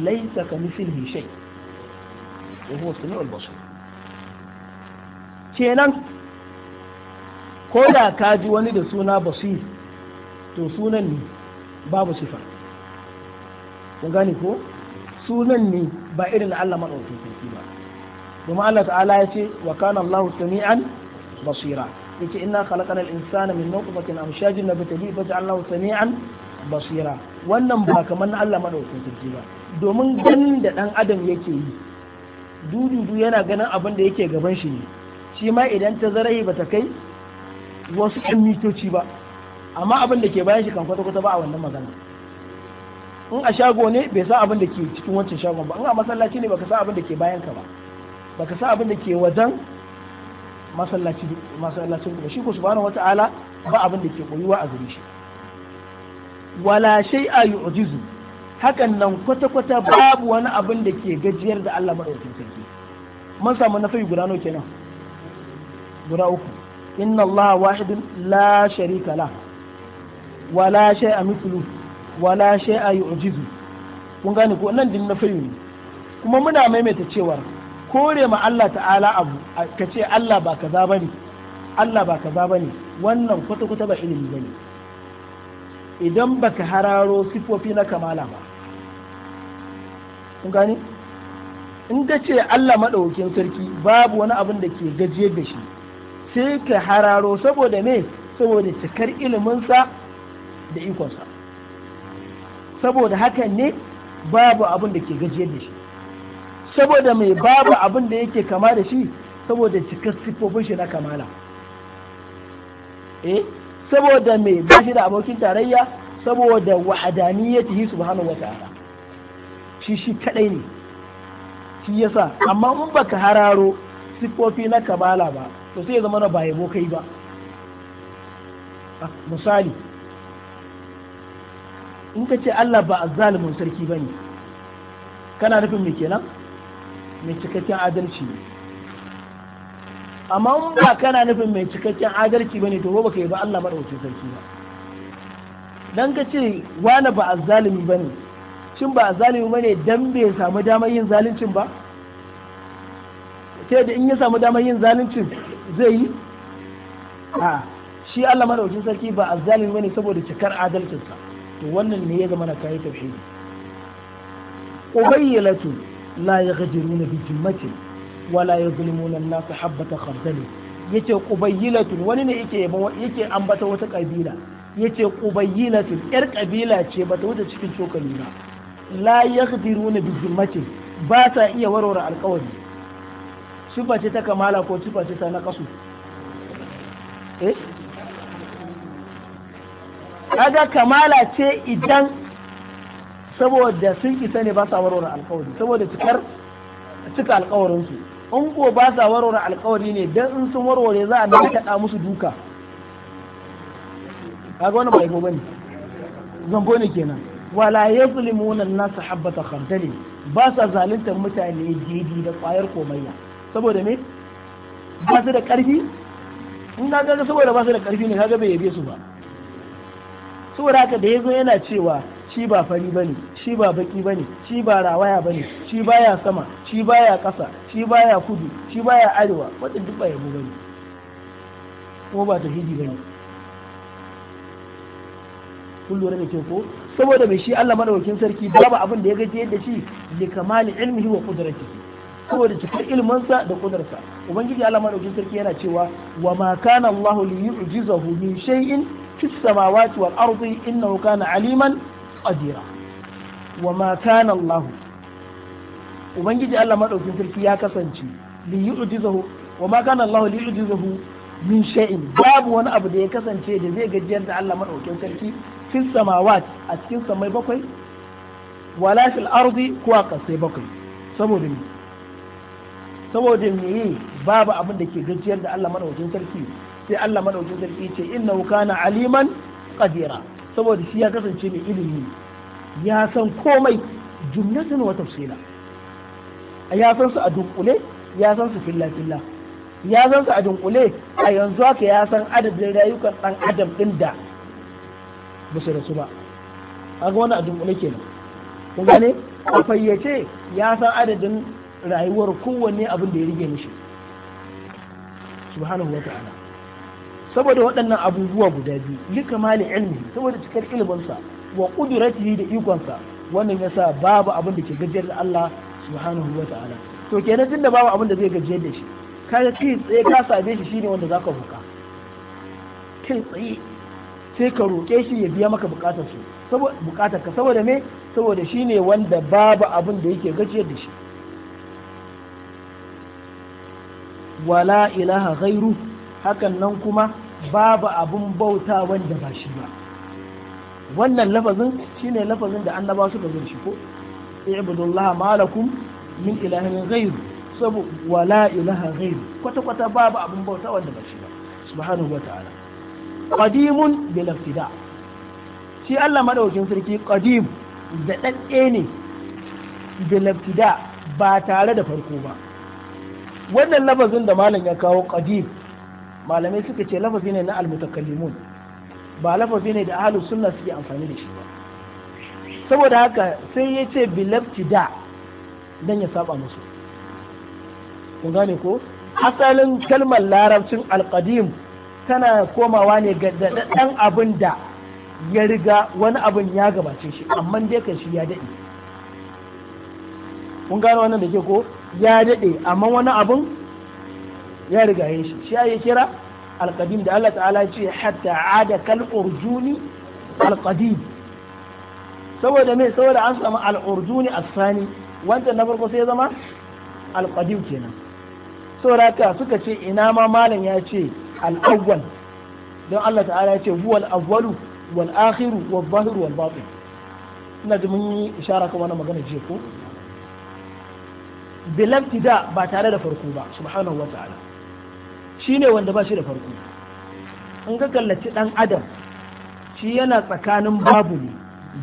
laisa ka mithlihi shay wa huwa samiul albasu kenan ko da ka ji wani da suna basir to sunan ne babu sifa kun gane ko sunan ne ba irin Allah maɗaukin sarki ba domin Allah ta'ala ya ce wa kana Allahu sami'an basira yace inna khalaqana al-insana min nutfatin amshajin nabtali fa ja'alnahu sami'an basira wannan ba kamar na Allah madaukakin sarki ba domin ganin da dan adam yake yi dudu yana ganin abin da yake gaban shi ne shi ma idan ta zarai ba ta kai wasu ɗan mitoci ba amma abin da ke bayan shi kan kwata-kwata ba a wannan magana in a shago ne bai san abin da ke cikin wancan shagon ba in a masallaci ne baka san abin da ke bayan ka ba baka sa abin da ke wajen masallacin ba shi ko subhanahu ala ba abin da ke koyuwa a gare shi wala shay'a yu'jizu hakan nan kwata-kwata babu wani abin da ke gajiyar da Allah madaukakin sarki mun samu nafi guda nawa kenan guda uku inna Allah wahidun la sharika la wala a mithlu wala shay'a yu'jizu kun gane ko nan din nafi ne kuma muna maimaita cewar kore ma Allah ta'ala abu ka ce Allah ba kaza ne, Allah ba kaza ne wannan kwata kwata ba ilimi bane idan ba ka hararo sifofi na kamala ba kun gani in ka ce Allah maɗaukin sarki babu wani abin da ke gajiyar da shi sai ka hararo saboda me saboda cikar iliminsa da ikonsa saboda hakan ne babu abin da ke gajiyar da shi saboda mai babu abin da yake kama da shi saboda cika siffofin shi na kamala eh saboda mai ba shi da abokin tarayya saboda hi subhanahu wata'ala shi shi kadai ne shi yasa amma in baka hararo siffofi na kamala ba to sai ya zama na ba bokai ba ah, misali in ka ce Allah ba a zalimin sarki ba ne kana nufin me kenan mai cikakken adalci ne amma ba kana nufin mai cikakken adalci bane to ba yi ba Allah madaukakin sarki ba dan ka ce wani ba azzalimi bane cin ba azzalimi bane dan bai samu damar yin zaluncin ba sai da in ya samu damar yin zaluncin zai yi a shi Allah madaukakin sarki ba azzalimi bane saboda cikar adalcinsa to wannan ne ya zama na kai bayyana ubayyalatu la nuna bi mace wala yuzlimuna an-nasa habata khardali yace qubaylatun wani ne yake yaban yake ambata wata kabila yace qubaylatun yar kabila ce bata wuce cikin cokali ba la nuna bi mace ba ta iya warware alkawari sifa ce ta kamala ko sifa ce ta naqasu eh kaga kamala ce idan saboda sun isa ne ba sa warware alkawari saboda cikar cika alkawarinsu in ko ba sa warware alkawari ne dan in sun warware za a naka musu duka kaga wannan ba yabo bane zango ne kenan wala yazlimuna an-nasa habata khardali ba sa zalunta mutane jidi da kwayar komayya saboda me ba su da karfi in ga ga saboda ba su da karfi ne kaga bai yabe su ba saboda haka da yazo yana cewa shi ba fari bane shi ba baki bane shi ba rawaya bane shi baya sama shi baya ƙasa shi baya kudu shi baya arewa wata duk ba yabo bane ko ba ta tauhidi bane kun lura da ke ko saboda mai shi Allah madaukakin sarki babu abin da ya gaje da shi li kamali ilmihi wa qudratihi saboda cikar ilmansa da kudarsa ubangiji Allah madaukakin sarki yana cewa wa ma kana Allah li yu'jizahu min shay'in fis samawati wal ardi innahu kana aliman qadira wa ma kana Allah ubangiji Allah madaukin sarki ya kasance li yu'jizahu wa ma kana Allah li yu'jizahu min shay'in babu wani abu da ya kasance da zai gajiyar da Allah madaukin sarki fis samawat a cikin samai bakwai wala fil ardi ko a kasai bakwai saboda me saboda me babu abin da ke gajiyar da Allah madaukin sarki sai Allah madaukin sarki ce innahu kana aliman qadira saboda shi ya kasance mai ilimi ya san komai jumlatin wa tafsila ya san su a dunkule ya san su filla filla ya san su a dunkule a yanzu haka ya san adadin rayukan dan adam din da ba su rasu ba a ga wani a dunkule kenan kun gane a fayyace ya san adadin rayuwar kowanne abin da ya rige mishi subhanahu wa ta'ala saboda waɗannan abubuwa guda biyu li kamali ilmi saboda cikar ilminsa wa qudratihi da ikonsa wannan yasa babu abin da ke gajiyar da Allah subhanahu to kenan tunda babu abin da zai gajiyar da shi kaga kai tsaye ka same shi shine wanda zaka buka kai tsaye sai ka roƙe shi ya biya maka buƙatar ka saboda me saboda shine wanda babu abin da yake gajiyar da shi wala ilaha ghairu hakan nan kuma babu abun bauta wanda ba shi ba wannan lafazin shine lafazin da annaba suka zo shi ko ibudullaha malakum min ilahin ghairu sabu wala ilaha ghairu kwata kwata babu abun bauta wanda ba shi ba subhanahu wa ta'ala qadimun bil ibtida shi Allah madaukin sarki qadim da dadde ne bil ibtida ba tare da farko ba wannan lafazin da malam ya kawo qadim malamai suka ce lafazi ne na almutakallimun ba lafazi ne da ahlus sunna suke amfani da shi ba saboda haka sai ya ce da dan ya saba musu kun gane ko asalin kalmar larabcin alqadim tana komawa ne ga dan abin da ya riga wani abin ya gabace shi amma dai kan shi ya dade, kun gane wannan da ke ko ya dade amma wani abin ya riga yin shi shi ya kira alqadim da Allah ta'ala ce hatta ada kal urjuni alqadim saboda me saboda an samu al urjuni asani wanda na farko sai ya zama alqadim kenan saboda haka suka ce ina ma malam ya ce al awwal don Allah ta'ala ya ce huwal awwalu wal akhiru wal zahiru wal batin ina da mun yi ishara kan na magana jiya ko bilabtida ba tare da farko ba subhanahu wa ta'ala Shi ne wanda ba shi da farko in ka kallaci dan adam shi yana tsakanin babu ne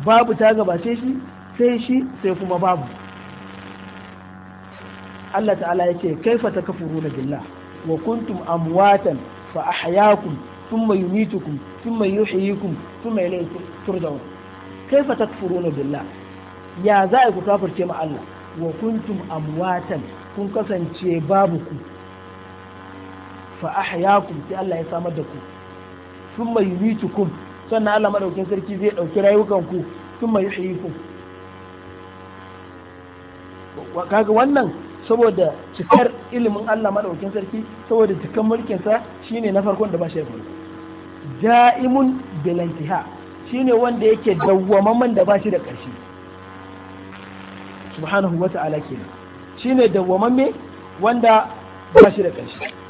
babu ta gabace shi sai shi sai kuma babu Allah ta'ala yake kaifa na billah wa kuntum amwatan fa ahyaakum thumma yumitukum thumma yuhyikum thumma ilayhi turja'un kaifa na billah ya za ku kafirce ma Allah wa kuntum amwatan kun kasance babu ku fa ahyakum sai Allah ya samar da ku thumma yumitukum sannan Allah madaukakin sarki zai dauki rayukan ku thumma yuhyikum kaga wannan saboda cikar ilimin Allah madaukakin sarki saboda cikan mulkin sa shine na farkon da ba shi farko da'imun bil intiha shine wanda yake dawwamamman da ba shi da karshe. subhanahu wata'ala kenan shine dawwamamme wanda ba shi da karshe?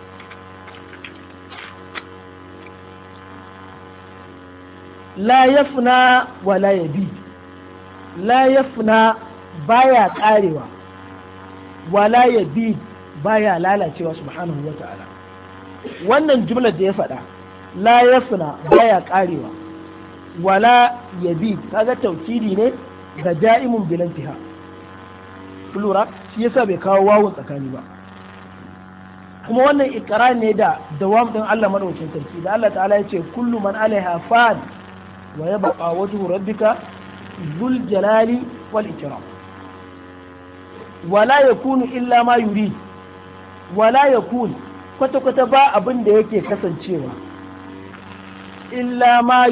la yafna wa la yabi la yafna baya karewa wa yabi baya lalacewa subhanahu wa ta'ala wannan jumla da ya faɗa la yafna baya karewa wa la yabi kaga tawkidi ne ga da'imun bilantiha lura shi yasa bai kawo wawun tsakani ba kuma wannan ikra ne da dawam din Allah madaukakin sarki da Allah ta'ala ya ce kullu man alaiha fan wa yabqa wajhu rabbika dhul jalali wal ikram wala yakunu illa ma yuri wala yakun kwata kwata ba abin da yake kasancewa illa ma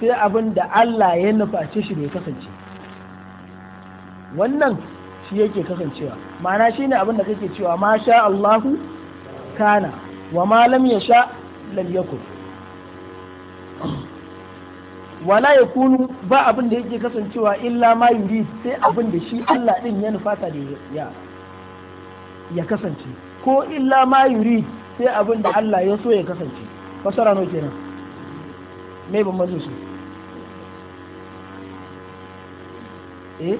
sai abin Allah ya nuface shi bai kasance wannan shi yake kasancewa mana shine abinda kake cewa masha sha Allahu kana wa ma ya sha lam wala ya kunu ba abin da yake kasancewa illa ma yuri sai abin da shi Allah din ya nufata da ya ya kasance ko illa ma yuri sai abin da Allah ya so ya kasance fasara no kenan me ban mazo su eh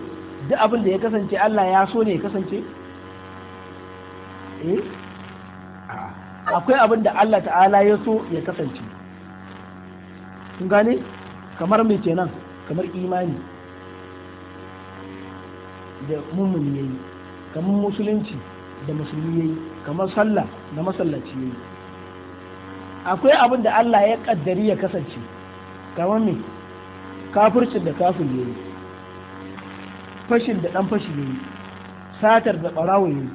duk abin da ya kasance Allah ya so ne ya kasance eh akwai abin da Allah ta'ala ya so ya kasance kun gane kamar mai kenan kamar imani da mummun ya yi, kamar musulunci da musulmi yi, kamar sallah da masallaci ya yi. akwai abin da Allah ya kaddari ya kasance kamar mai kafircin da ya yi, fashin da dan fashi yi, satar da barawo yi.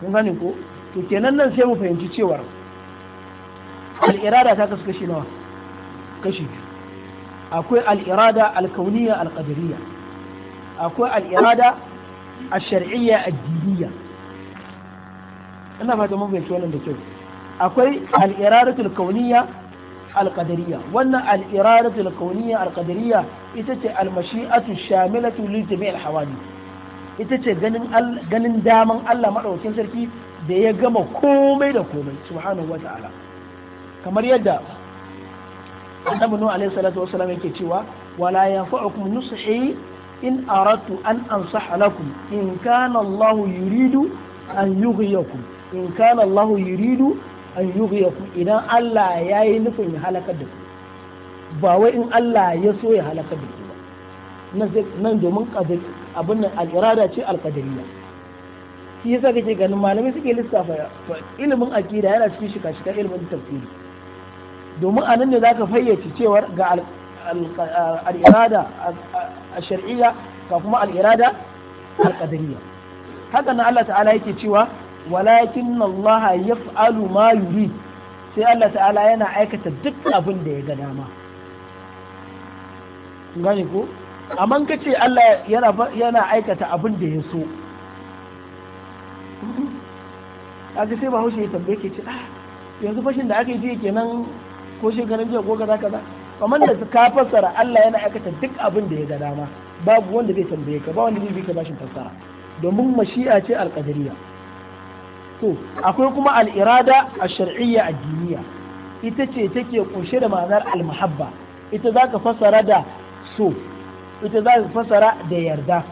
kun gani ko to kenan nan sai mu fahimci cewar al'irada ta kasu kashi nawa kashi biyu akwai al'irada alkauniya alkadiriya akwai al'irada a shar'iyya addiniya ina fata mafi fahimci wannan da kyau akwai al'iradatul kauniya alkadiriya wannan al'iradatul kauniya alkadiriya ita ce almashi'atu shamilatu lil jami'il hawali ita ce ganin daman Allah madaukakin sarki da ya gama komai da komai subhanahu wata'ala kamar yadda annabi nuhu alaihi salatu wasallam yake cewa wala yanfa'ukum nushi in aradtu an ansaha lakum in kana Allah yuridu an yughyikum in kana Allah yuridu an yughyikum idan Allah yayi nufin ya halakar da ku ba wai in Allah ya so ya halakar da ku ba nan domin abin nan al-irada ce al al-qadariyya shi yasa kake ganin malamai suke lissafa ilimin akida yana cikin shika-shika ilimin tafsiri domin a nan ne za ka fayyace cewar ga al'irada a shar'iyya ga kuma al'irada a ƙadariya haka na Allah ta'ala yake cewa walakin Allah fi ma yuri sai Allah ta'ala yana aikata duk abin da ya ga dama gane ko amma ka ce Allah yana aikata abin da ya so kaga sai ba hushe ya tambaye ke ce ah, yanzu fashin da aka yi kenan ko shekaran jiya ko kaza kaza kamar da ka fassara Allah yana aikata duk abin da ya ga dama babu wanda zai tambaye ka ba wanda zai bi ka bashin fassara domin mashi'a ce alƙadariya to akwai kuma al'irada a shar'iyya addiniya ita ce take ƙunshe da ma'anar al-muhabba ita za ka fassara da so ita za ka fassara da yarda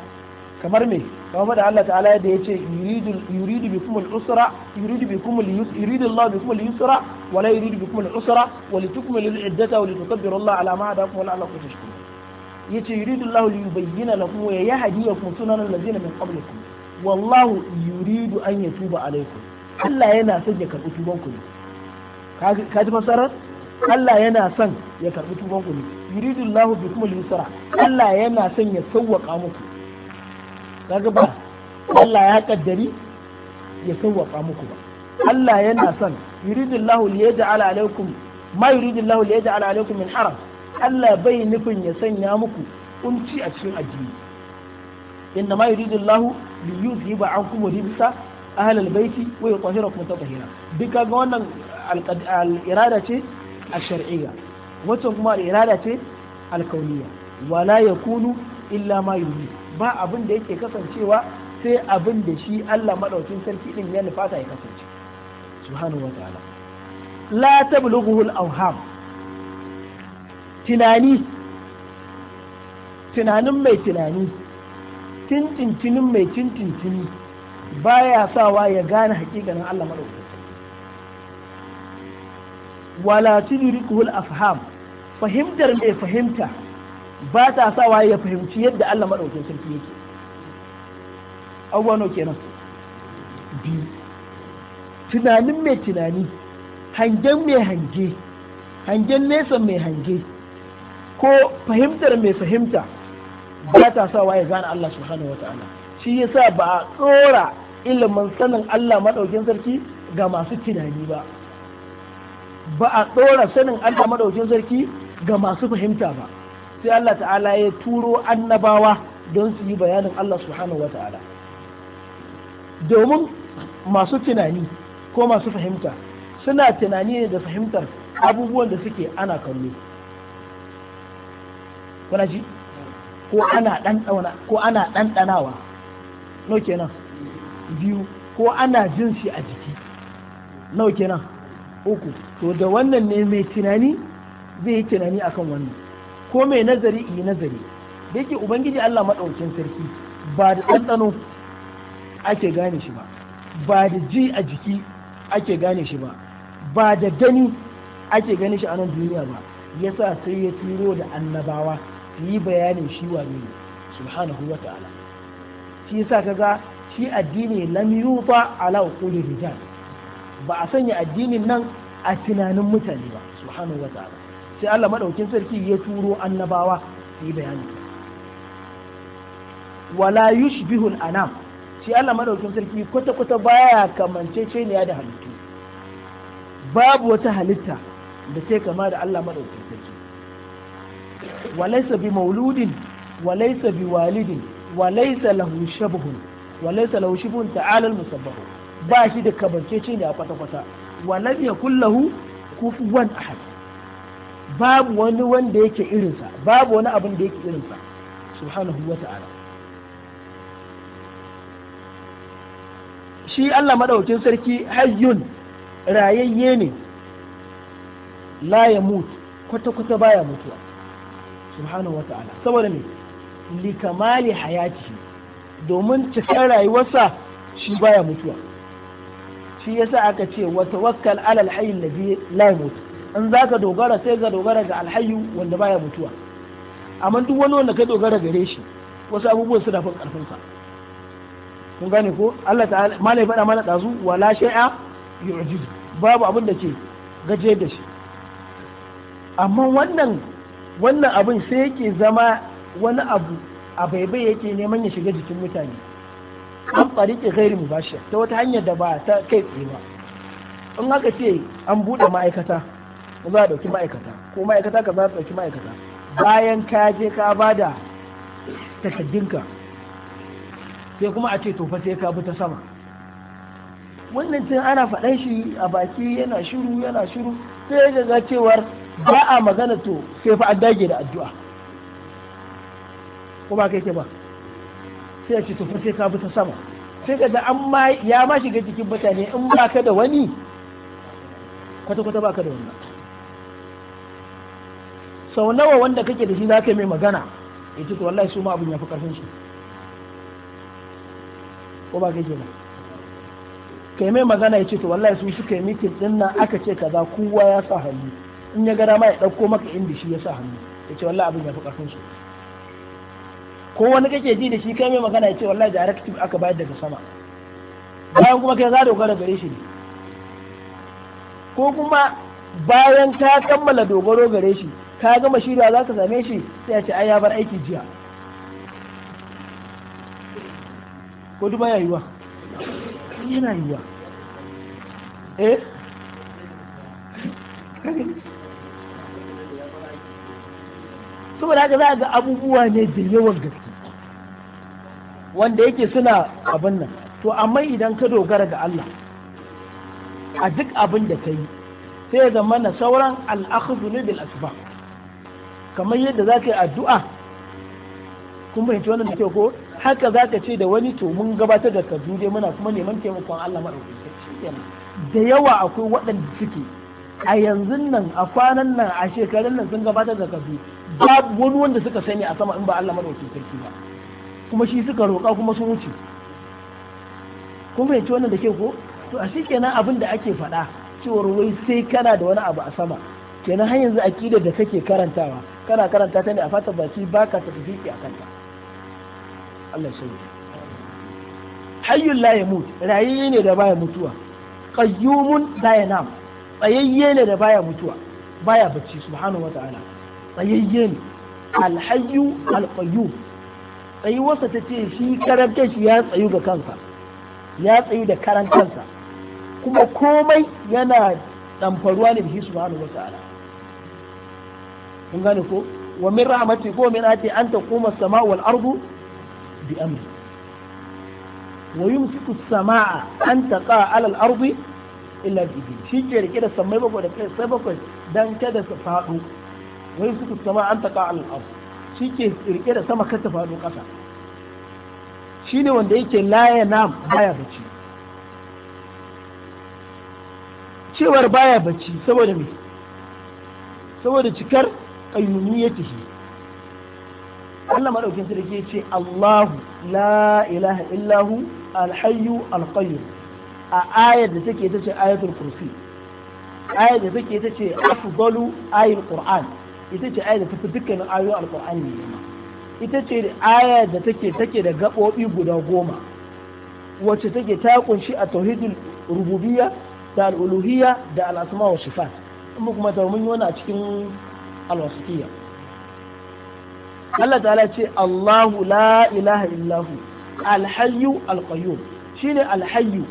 kamar me kamar da Allah ta'ala da yace yuridu yuridu bikum al-usra yuridu bikum al-yusra yuridu Allah bikum al-yusra wa la yuridu bikum al-usra wa litukmilu al-iddata wa litukabbiru Allah ala ma hadakum wa la'allakum tashkurun yace yuridu Allah li yubayyana lakum wa yahdiyakum sunan allazina min qablikum wallahu yuridu an yatuba alaykum Allah yana son ya karbi tuban ku ne ka ji fasarar Allah yana son ya karbi tuban ku ne yuridu Allah bikum al-yusra Allah yana son ya sawwaka muku kaga ba Allah ya kaddari ya sawwaka muku ba Allah yana son yuridullahu liyaj'ala alaykum ma yuridullahu liyaj'ala alaykum min haram Allah bai nufin ya sanya muku kunci a cikin addini inna ma yuridullahu liyuzhiba ankum rijsa ahli albayti wa yutahhirakum tatahira bika ga wannan al-irada ce al shar'iyya wacce kuma al-irada ce al-kauniyya wala yakunu illa ma yuri ba abin da yake kasancewa sai abin da shi Allah madaukin sarki din ya nufata ya kasance subhanahu wa ta'ala la tablughu al-awham tunani tunanin mai tunani tintintinin mai tintintini baya sawa ya gane hakikanin Allah madaukin wala tudrikuhu al-afham fahimtar mai fahimta ba ta sawa ya fahimci yadda Allah maɗaukin sarki yake abubuwa kenan biyu tunanin mai tunani hangen mai hange hangen nesa mai hange ko fahimtar mai fahimta ba ta sawa ya gane Allah subhanahu wata'ala shi yasa ba a tsora ilimin sanin Allah maɗaukin sarki ga masu tunani ba ba a tsora sanin Allah maɗaukin sarki ga masu fahimta ba sai Allah ta'ala ya turo annabawa don su yi bayanin Allah subhanahu wa ta'ala domin masu tunani ko masu fahimta suna tunani ne da fahimtar abubuwan da suke ana kallo kuna ji ko ana ko ana ɗanɗanawa nau kenan biyu ko ana jin shi a jiki nau kenan uku to da wannan ne mai tunani zai yi tunani akan wannan ko mai nazari yi nazari da yake ubangiji Allah maɗaukin sarki ba da ɗanɗano ake gane shi ba ba da ji a jiki ake gane shi ba ba da gani ake gane shi a nan duniya ba yasa sai ya turo da annabawa yi bayanin shi wa ne subhanahu wa ta'ala shi yasa kaga shi addini lam yufa ala uquli ba a sanya addinin nan a tunanin mutane ba subhanahu wa ta'ala sai Allah madaukin sarki ya turo annabawa su yi bayani wala yushbihul anam sai Allah madaukin sarki kwata kwata baya kamanceceniya da halittu babu wata halitta da sai kama da Allah madaukin sarki walaysa bi mauludin walaysa bi walidin walaysa lahu shabhun walaysa lahu shibhun ta'ala al-musabbahu ba shi da kamanceceniya kwata kwata walam yakul kufuwan ahad babu wani wanda yake irinsa babu wani abin da yake irinsa subhanahu wa ta'ala shi Allah madaukin sarki hayyun rayayye ne la ya mutu kwata-kwata baya mutuwa subhanahu wa ta'ala saboda me likamali hayati domin cikar rayuwarsa shi baya mutuwa shi yasa aka ce wa tawakkal alal hayy alladhi la mutu. in za ka dogara sai ka dogara ga alhayu wanda baya mutuwa amma duk wani wanda ka dogara gare shi wasu abubuwan suna fin karfinsa kun gane ko Allah ta'ala mala ya faɗa mana ɗazu wala shay'a yu'jizu babu abin da ke gaje da shi amma wannan wannan abin sai yake zama wani abu a baibai yake neman ya shiga jikin mutane an tsarike gairi mubashir ta wata hanyar da ba ta kai tsaye ba in aka ce an buɗe ma'aikata ka za a ɗauki ma'aikata ko ma'aikata ka za a ɗauki ma'aikata bayan ka je ka ba da takaddinka sai kuma a ce to fa sai ka bi ta sama wannan tun ana faɗan shi a baki yana shiru yana shiru sai ya ga cewar ba a magana to sai fa an dage da addu'a ko ba kai ke ba sai a ce to fa sai ka bi ta sama sai ka da an ma ya ma shiga cikin mutane in ba ka da wani kwata-kwata ba ka da wannan sau nawa wanda kake da shi za ka mai magana ya ce to wallahi su ma abin ya fi karfin shi ko ba kake ba kai mai magana ya ce to wallahi su suka yi mikin din nan aka ce kaza kowa ya sa hannu in ya gara ma ya ɗauko maka inda shi ya sa hannu ya ce wallahi abin ya fi karfin shi ko wani kake ji da shi kai mai magana ya ce wallahi directive aka bayar daga sama bayan kuma kai za dogara gare shi ne ko kuma bayan ta kammala dogaro gare shi ka gama shirya za ka same shi sai ya ce ai ya bar aiki jiya ko duba ya yiwa yana yiwa eh saboda haka za a ga abubuwa ne da yawan gaske wanda yake suna abin nan to amma idan ka dogara ga Allah a duk abin da ka yi sai ya zama na sauran al'akhudu ne bil asbab kamar yadda za ka yi addu'a kun fahimci wannan da ke ko haka za ka ce da wani to mun gabatar da ka dai muna kuma neman taimakon Allah maɗaukaki da yawa akwai waɗanda suke a yanzu nan a kwanan nan a shekarun nan sun gabatar da kafi babu wani wanda suka sani a sama in ba Allah maɗauki sarki ba kuma shi suka roƙa kuma sun wuce kun fahimci wannan da ke ko to a shi kenan abin da ake faɗa cewar wai sai kana da wani abu a sama kenan har yanzu aqidar da kake karantawa kana karanta ta ne a fata baki baka ta tafiye a kanta Allah ya sauke hayyul la yamut rayayye ne da baya mutuwa qayyumun la yanam tsayayye ne da baya mutuwa baya bacci subhanahu wataala tsayayye ne alhayyu alqayyum tsayuwarsa ta ce shi karan shi ya tsayu ga kansa ya tsayu da karan kansa kuma komai yana ɗamfaruwa ne da shi subhanahu wataala kun gane ko wa min rahmati ko min ati an ta as-sama'u wal ardu bi amri wa yumsiku samaa an taqa 'ala al-ardi illa bi shi ke rike da sammai bakwai da kai sai bakwai dan kada su faɗo wa yumsiku samaa an taqa 'ala al-ardi shi ke rike da sama kada ta faɗo ƙasa shine wanda yake la yanam baya bacci cewar baya bacci saboda me saboda cikar qayyumiyyatihi Allah da ke ce Allahu la ilaha illahu alhayyu alqayyum a ayar da take ta ce ayatul kursi ayar da take ta ce afdalu ayatul qur'an ita ce ayar da tafi dukkanin ayoyin alqur'ani ne ita ce ayar da take take da gaɓoɓi guda goma wacce take ta kunshi a tauhidul rububiyya da al'uluhiyya da al'asma wa sifat kuma ta mun yi wani a cikin alwasfiya Allah ta'ala ce Allahu la ilaha illahu alhayyu alqayyum shine alhayyu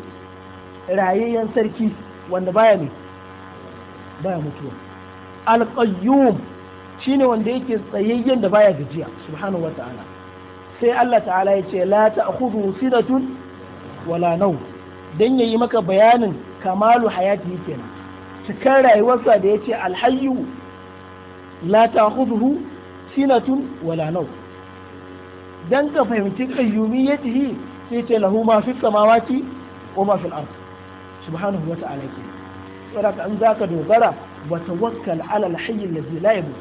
rayayyen sarki wanda baya ne baya mutuwa alqayyum shine wanda yake tsayayyen da baya gajiya subhanahu wa ta'ala sai Allah ta'ala ya ce la ta'khudhu wala nau dan yayi maka bayanin kamalu hayati nan. cikar rayuwarsa da yace alhayyu la ta'khudhuhu sinatun wala nawm dan ka fahimci ya qayyumiyyatihi sai ce lahu ma fi samawati wa ma fil ard subhanahu wa ta'ala ke saboda an ka dogara ba ta wakka al-hayy alladhi la yamut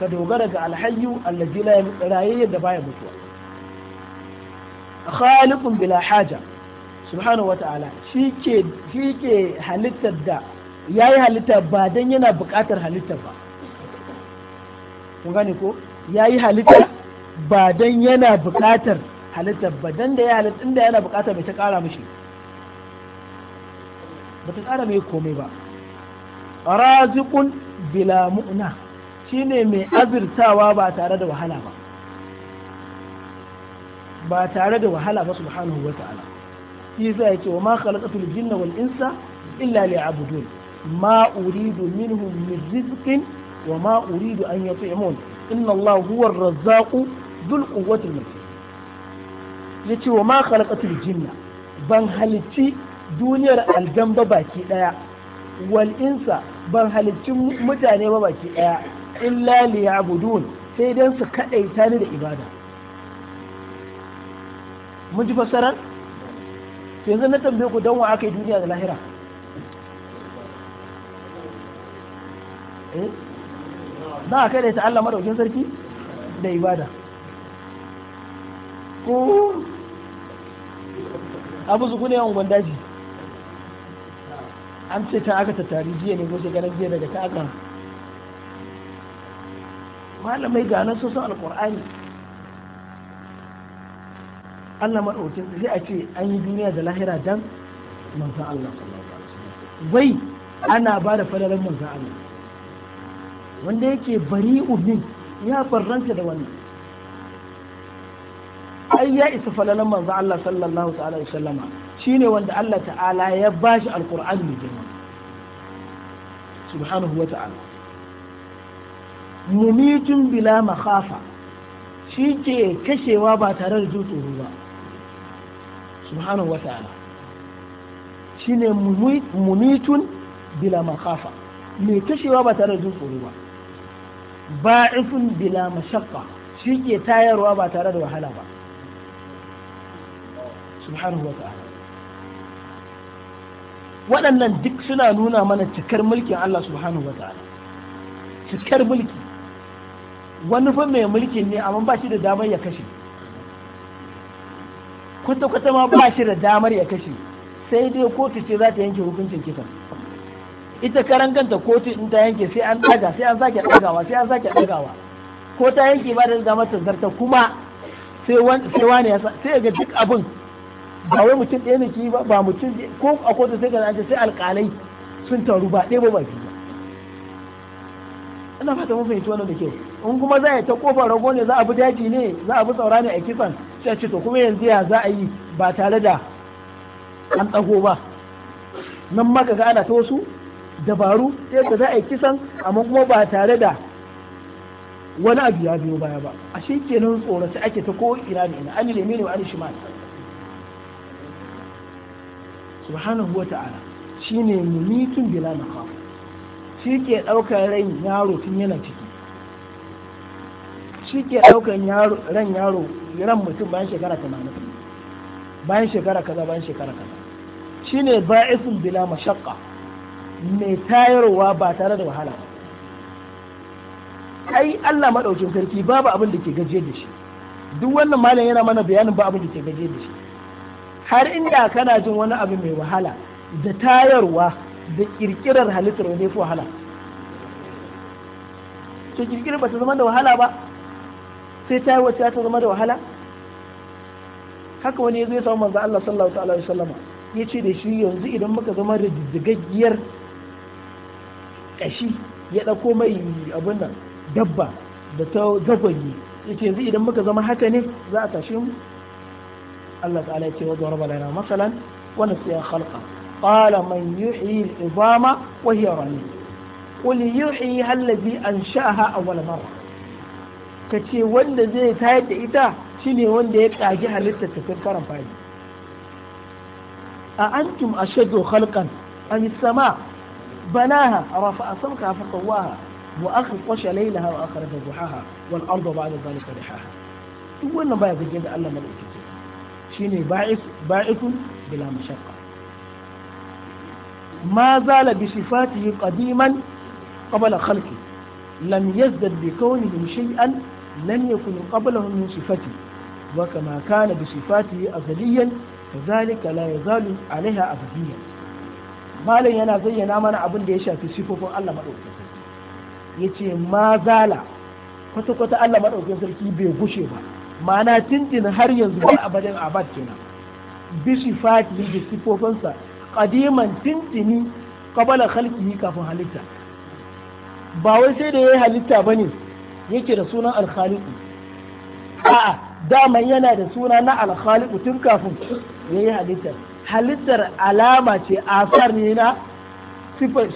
ka dogara ga al-hayy alladhi la yamut rayayya da baya mutuwa khaliqun bila haja subhanahu wa ta'ala shi ke halittar da yayi halitta ba dan yana buƙatar halittar ba kun gane ko ya yi halitta ba dan yana buƙatar halitta ba dan da ya halitta inda yana buƙatar bai ta ƙara mishi ba ta ƙara mai komai ba raziqun bila mu'na shine mai azirtawa ba tare da wahala ba ba tare da wahala ba subhanahu wa ta'ala shi a ce wa ma khalaqatul jinna wal insa illa liya'budun ma uridu minhum min rizqin wa ma uridu an yut'imun inna Allah huwa ar-razzaqu dhul quwwati al-matin yace wa ma khalaqatul jinna ban halitti duniyar aljan baki ɗaya wal insa ban halitti mutane ba baki daya illa liya'budun sai dan su kadaita da ibada mun ji fasarar yanzu na tambayi ku dan wa akayi duniya da lahira eh? Za a kai da ita Allah madaukin sarki da ibada ko abu su kuna yawan gwandaji an ce ta aka tattari jiya ne ko ganin jiya daga ta aka malamai ga nan sosan alkur'ani Allah maɗaukin sai a ce an yi duniya da lahira dan manzan Allah wai ana ba da fadalar manzan Allah wanda yake bari umin ya barranta da wannan ai ya isa falalan manzo Allah sallallahu alaihi wasallama shine wanda Allah ta'ala ya bashi alqur'ani mai girma subhanahu wa ta'ala mumitun bila makhafa shi ke kashewa ba tare da tsoro ba subhanahu wa ta'ala shine mumitun bila makhafa mai kashewa ba tare da tsoro ba ba'ifun bila mashaqqa shi ke tayarwa ba tare da wahala ba subhanahu wa ta'ala waɗannan duk suna nuna mana cikar mulkin Allah subhanahu wa ta'ala cikar mulki wani fa mai mulkin ne amma ba shi da damar ya kashe kwata-kwata ma ba shi da damar ya kashe sai dai kotu ce za ta yanke hukuncin kisan ita karan kanta kotu in ta yanke sai an daga sai an sake dagawa sai an sake dagawa ko ta yanke ba da zama mata zarta kuma sai wani ya sai ga duk abin ba wai mutum ɗaya ne ki ba mutum ko a kotu sai ga an ce sai alƙalai sun taru ba ɗaya ba ba ki ina fata mun fahimci wannan da kyau in kuma za a yi ta kofar rago ne za a bi daji ne za a bi tsaura ne a kisan sai a ce to kuma yanzu ya za a yi ba tare da an tsago ba nan maka ga ana ta wasu dabaru ta yadda za a yi kisan amma kuma ba tare da wani abu ya biyo baya ba a shi kenan sai ake ta ko ina da ina an lemi ne wa an ma subhanahu wa ta'ala shine mumitun bila makhaf shi ke ɗaukar ran yaro tun yana ciki shi ke ɗaukar ran yaro ran mutum bayan shekara tamanin bayan shekara kaza bayan shekara kaza shine ba'isun bila mashakka mai tayarwa ba tare da wahala ai Allah maɗaukin sarki babu abin da ke gajiyar da shi duk wannan malam yana mana bayanin ba abin da ke gajiyar da shi har inda kana jin wani abu mai wahala da tayarwa da kirkirar halittar wani ya fi wahala to kirkirar ba ta zama da wahala ba sai tayarwa ta zama da wahala haka wani ya zai samu manzo Allah sallallahu alaihi wasallam ya ce da shi yanzu idan muka zama da diddigaggiyar ƙashi ya ɗauko mai abin nan dabba da ta zagwaye yace yanzu idan muka zama haka ne za a tashi mu Allah ta'ala ce wa daraba lana masalan wa nasiya khalqa qala man yuhyi al-izama wa hiya ramim qul yuhyi allazi ansha'aha awwal marra kace wanda zai tayar da ita shine wanda ya kagi halittar ta tun karan fari a antum ashadu khalqan am sama بناها رفع سمكها فطواها وأخر قش ليلها وأخر ضحاها والأرض بعد ذلك رحها تقول نبايا الجنه ألا ملئك شنو باعث باعث بلا مشقة ما زال بصفاته قديما قبل خلقه لم يزدد بكونه شيئا لم يكن قبله من صفته وكما كان بصفاته أزليا فذلك لا يزال عليها أبديا malam yana zayyana mana abin da ya shafi sifofin Allah Sarki. ya ce ma zala kwata-kwata Allah maɗaukin sarki bai gushe ba ma'ana tintin har yanzu ba a abad kenan bishi fati da sifofinsa ƙadiman tintini kabala halki kafin halitta ba wai sai da ya yi halitta ba ne yake da sunan alkhaliku a'a daman yana da suna na alkhaliku tun kafin ya yi halitta halittar alama ce asar ne na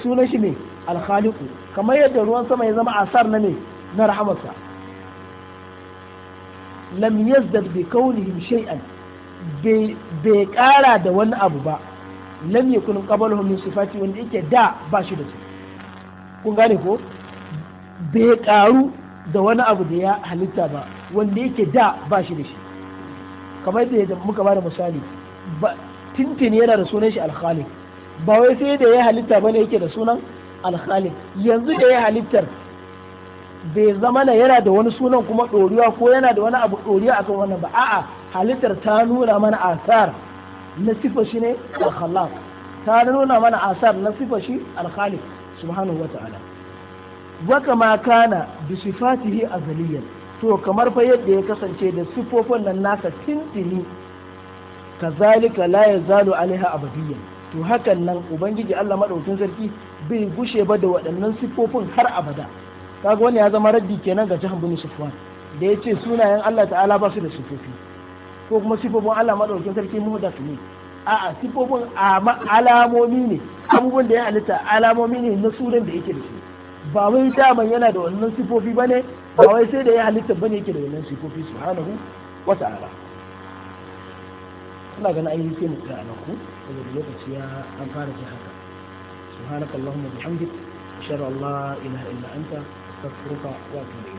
sunan shi ne alkhaliku kamar yadda ruwan sama ya zama asar na ne na rahamarsa lam yazdad bi kaunihim shay'an bai kara da wani abu ba lam yakun qabluhum min sifati wanda yake da ba shi da su kun gane ko bai karu da wani abu da ya halitta ba wanda yake da ba shi da shi kamar yadda muka ba da misali tintin yana da sunan shi alkhalik ba wai sai da ya halitta ba ne yake da sunan alkhalik yanzu da ya halittar bai zama na yana da wani sunan kuma ɗoriwa ko yana da wani abu ɗoriwa akan wannan ba a'a halittar ta nuna mana asar na sifa shi ne al ta nuna mana asar na sifa shi alkhalik subhanahu wata'ala wa kama kana bi sifatihi azaliyan to kamar fa yadda ya kasance da sifofin nan nasa tintini kazalika la zalo alaiha abadiyya to hakan nan ubangiji Allah madaukin sarki bai gushe ba da waɗannan siffofin har abada kaga wani ya zama raddi kenan ga jahan bin sufwan da ya ce sunayen Allah ta'ala ba su da siffofi ko kuma siffofin Allah madaukin sarki muhdas ne a'a siffofin alamomi ne abubuwan da ya halitta alamomi ne na sunan da yake da su ba wai daman yana da wannan sifofi bane ba wai sai da ya halitta bane yake da wannan sifofi subhanahu wa ta'ala ina ganin ainihin sai mu tsaya a saboda lokaci ya an fara ji haka subhanakallahumma bihamdik ashhadu an la ilaha illa anta astaghfiruka wa atubu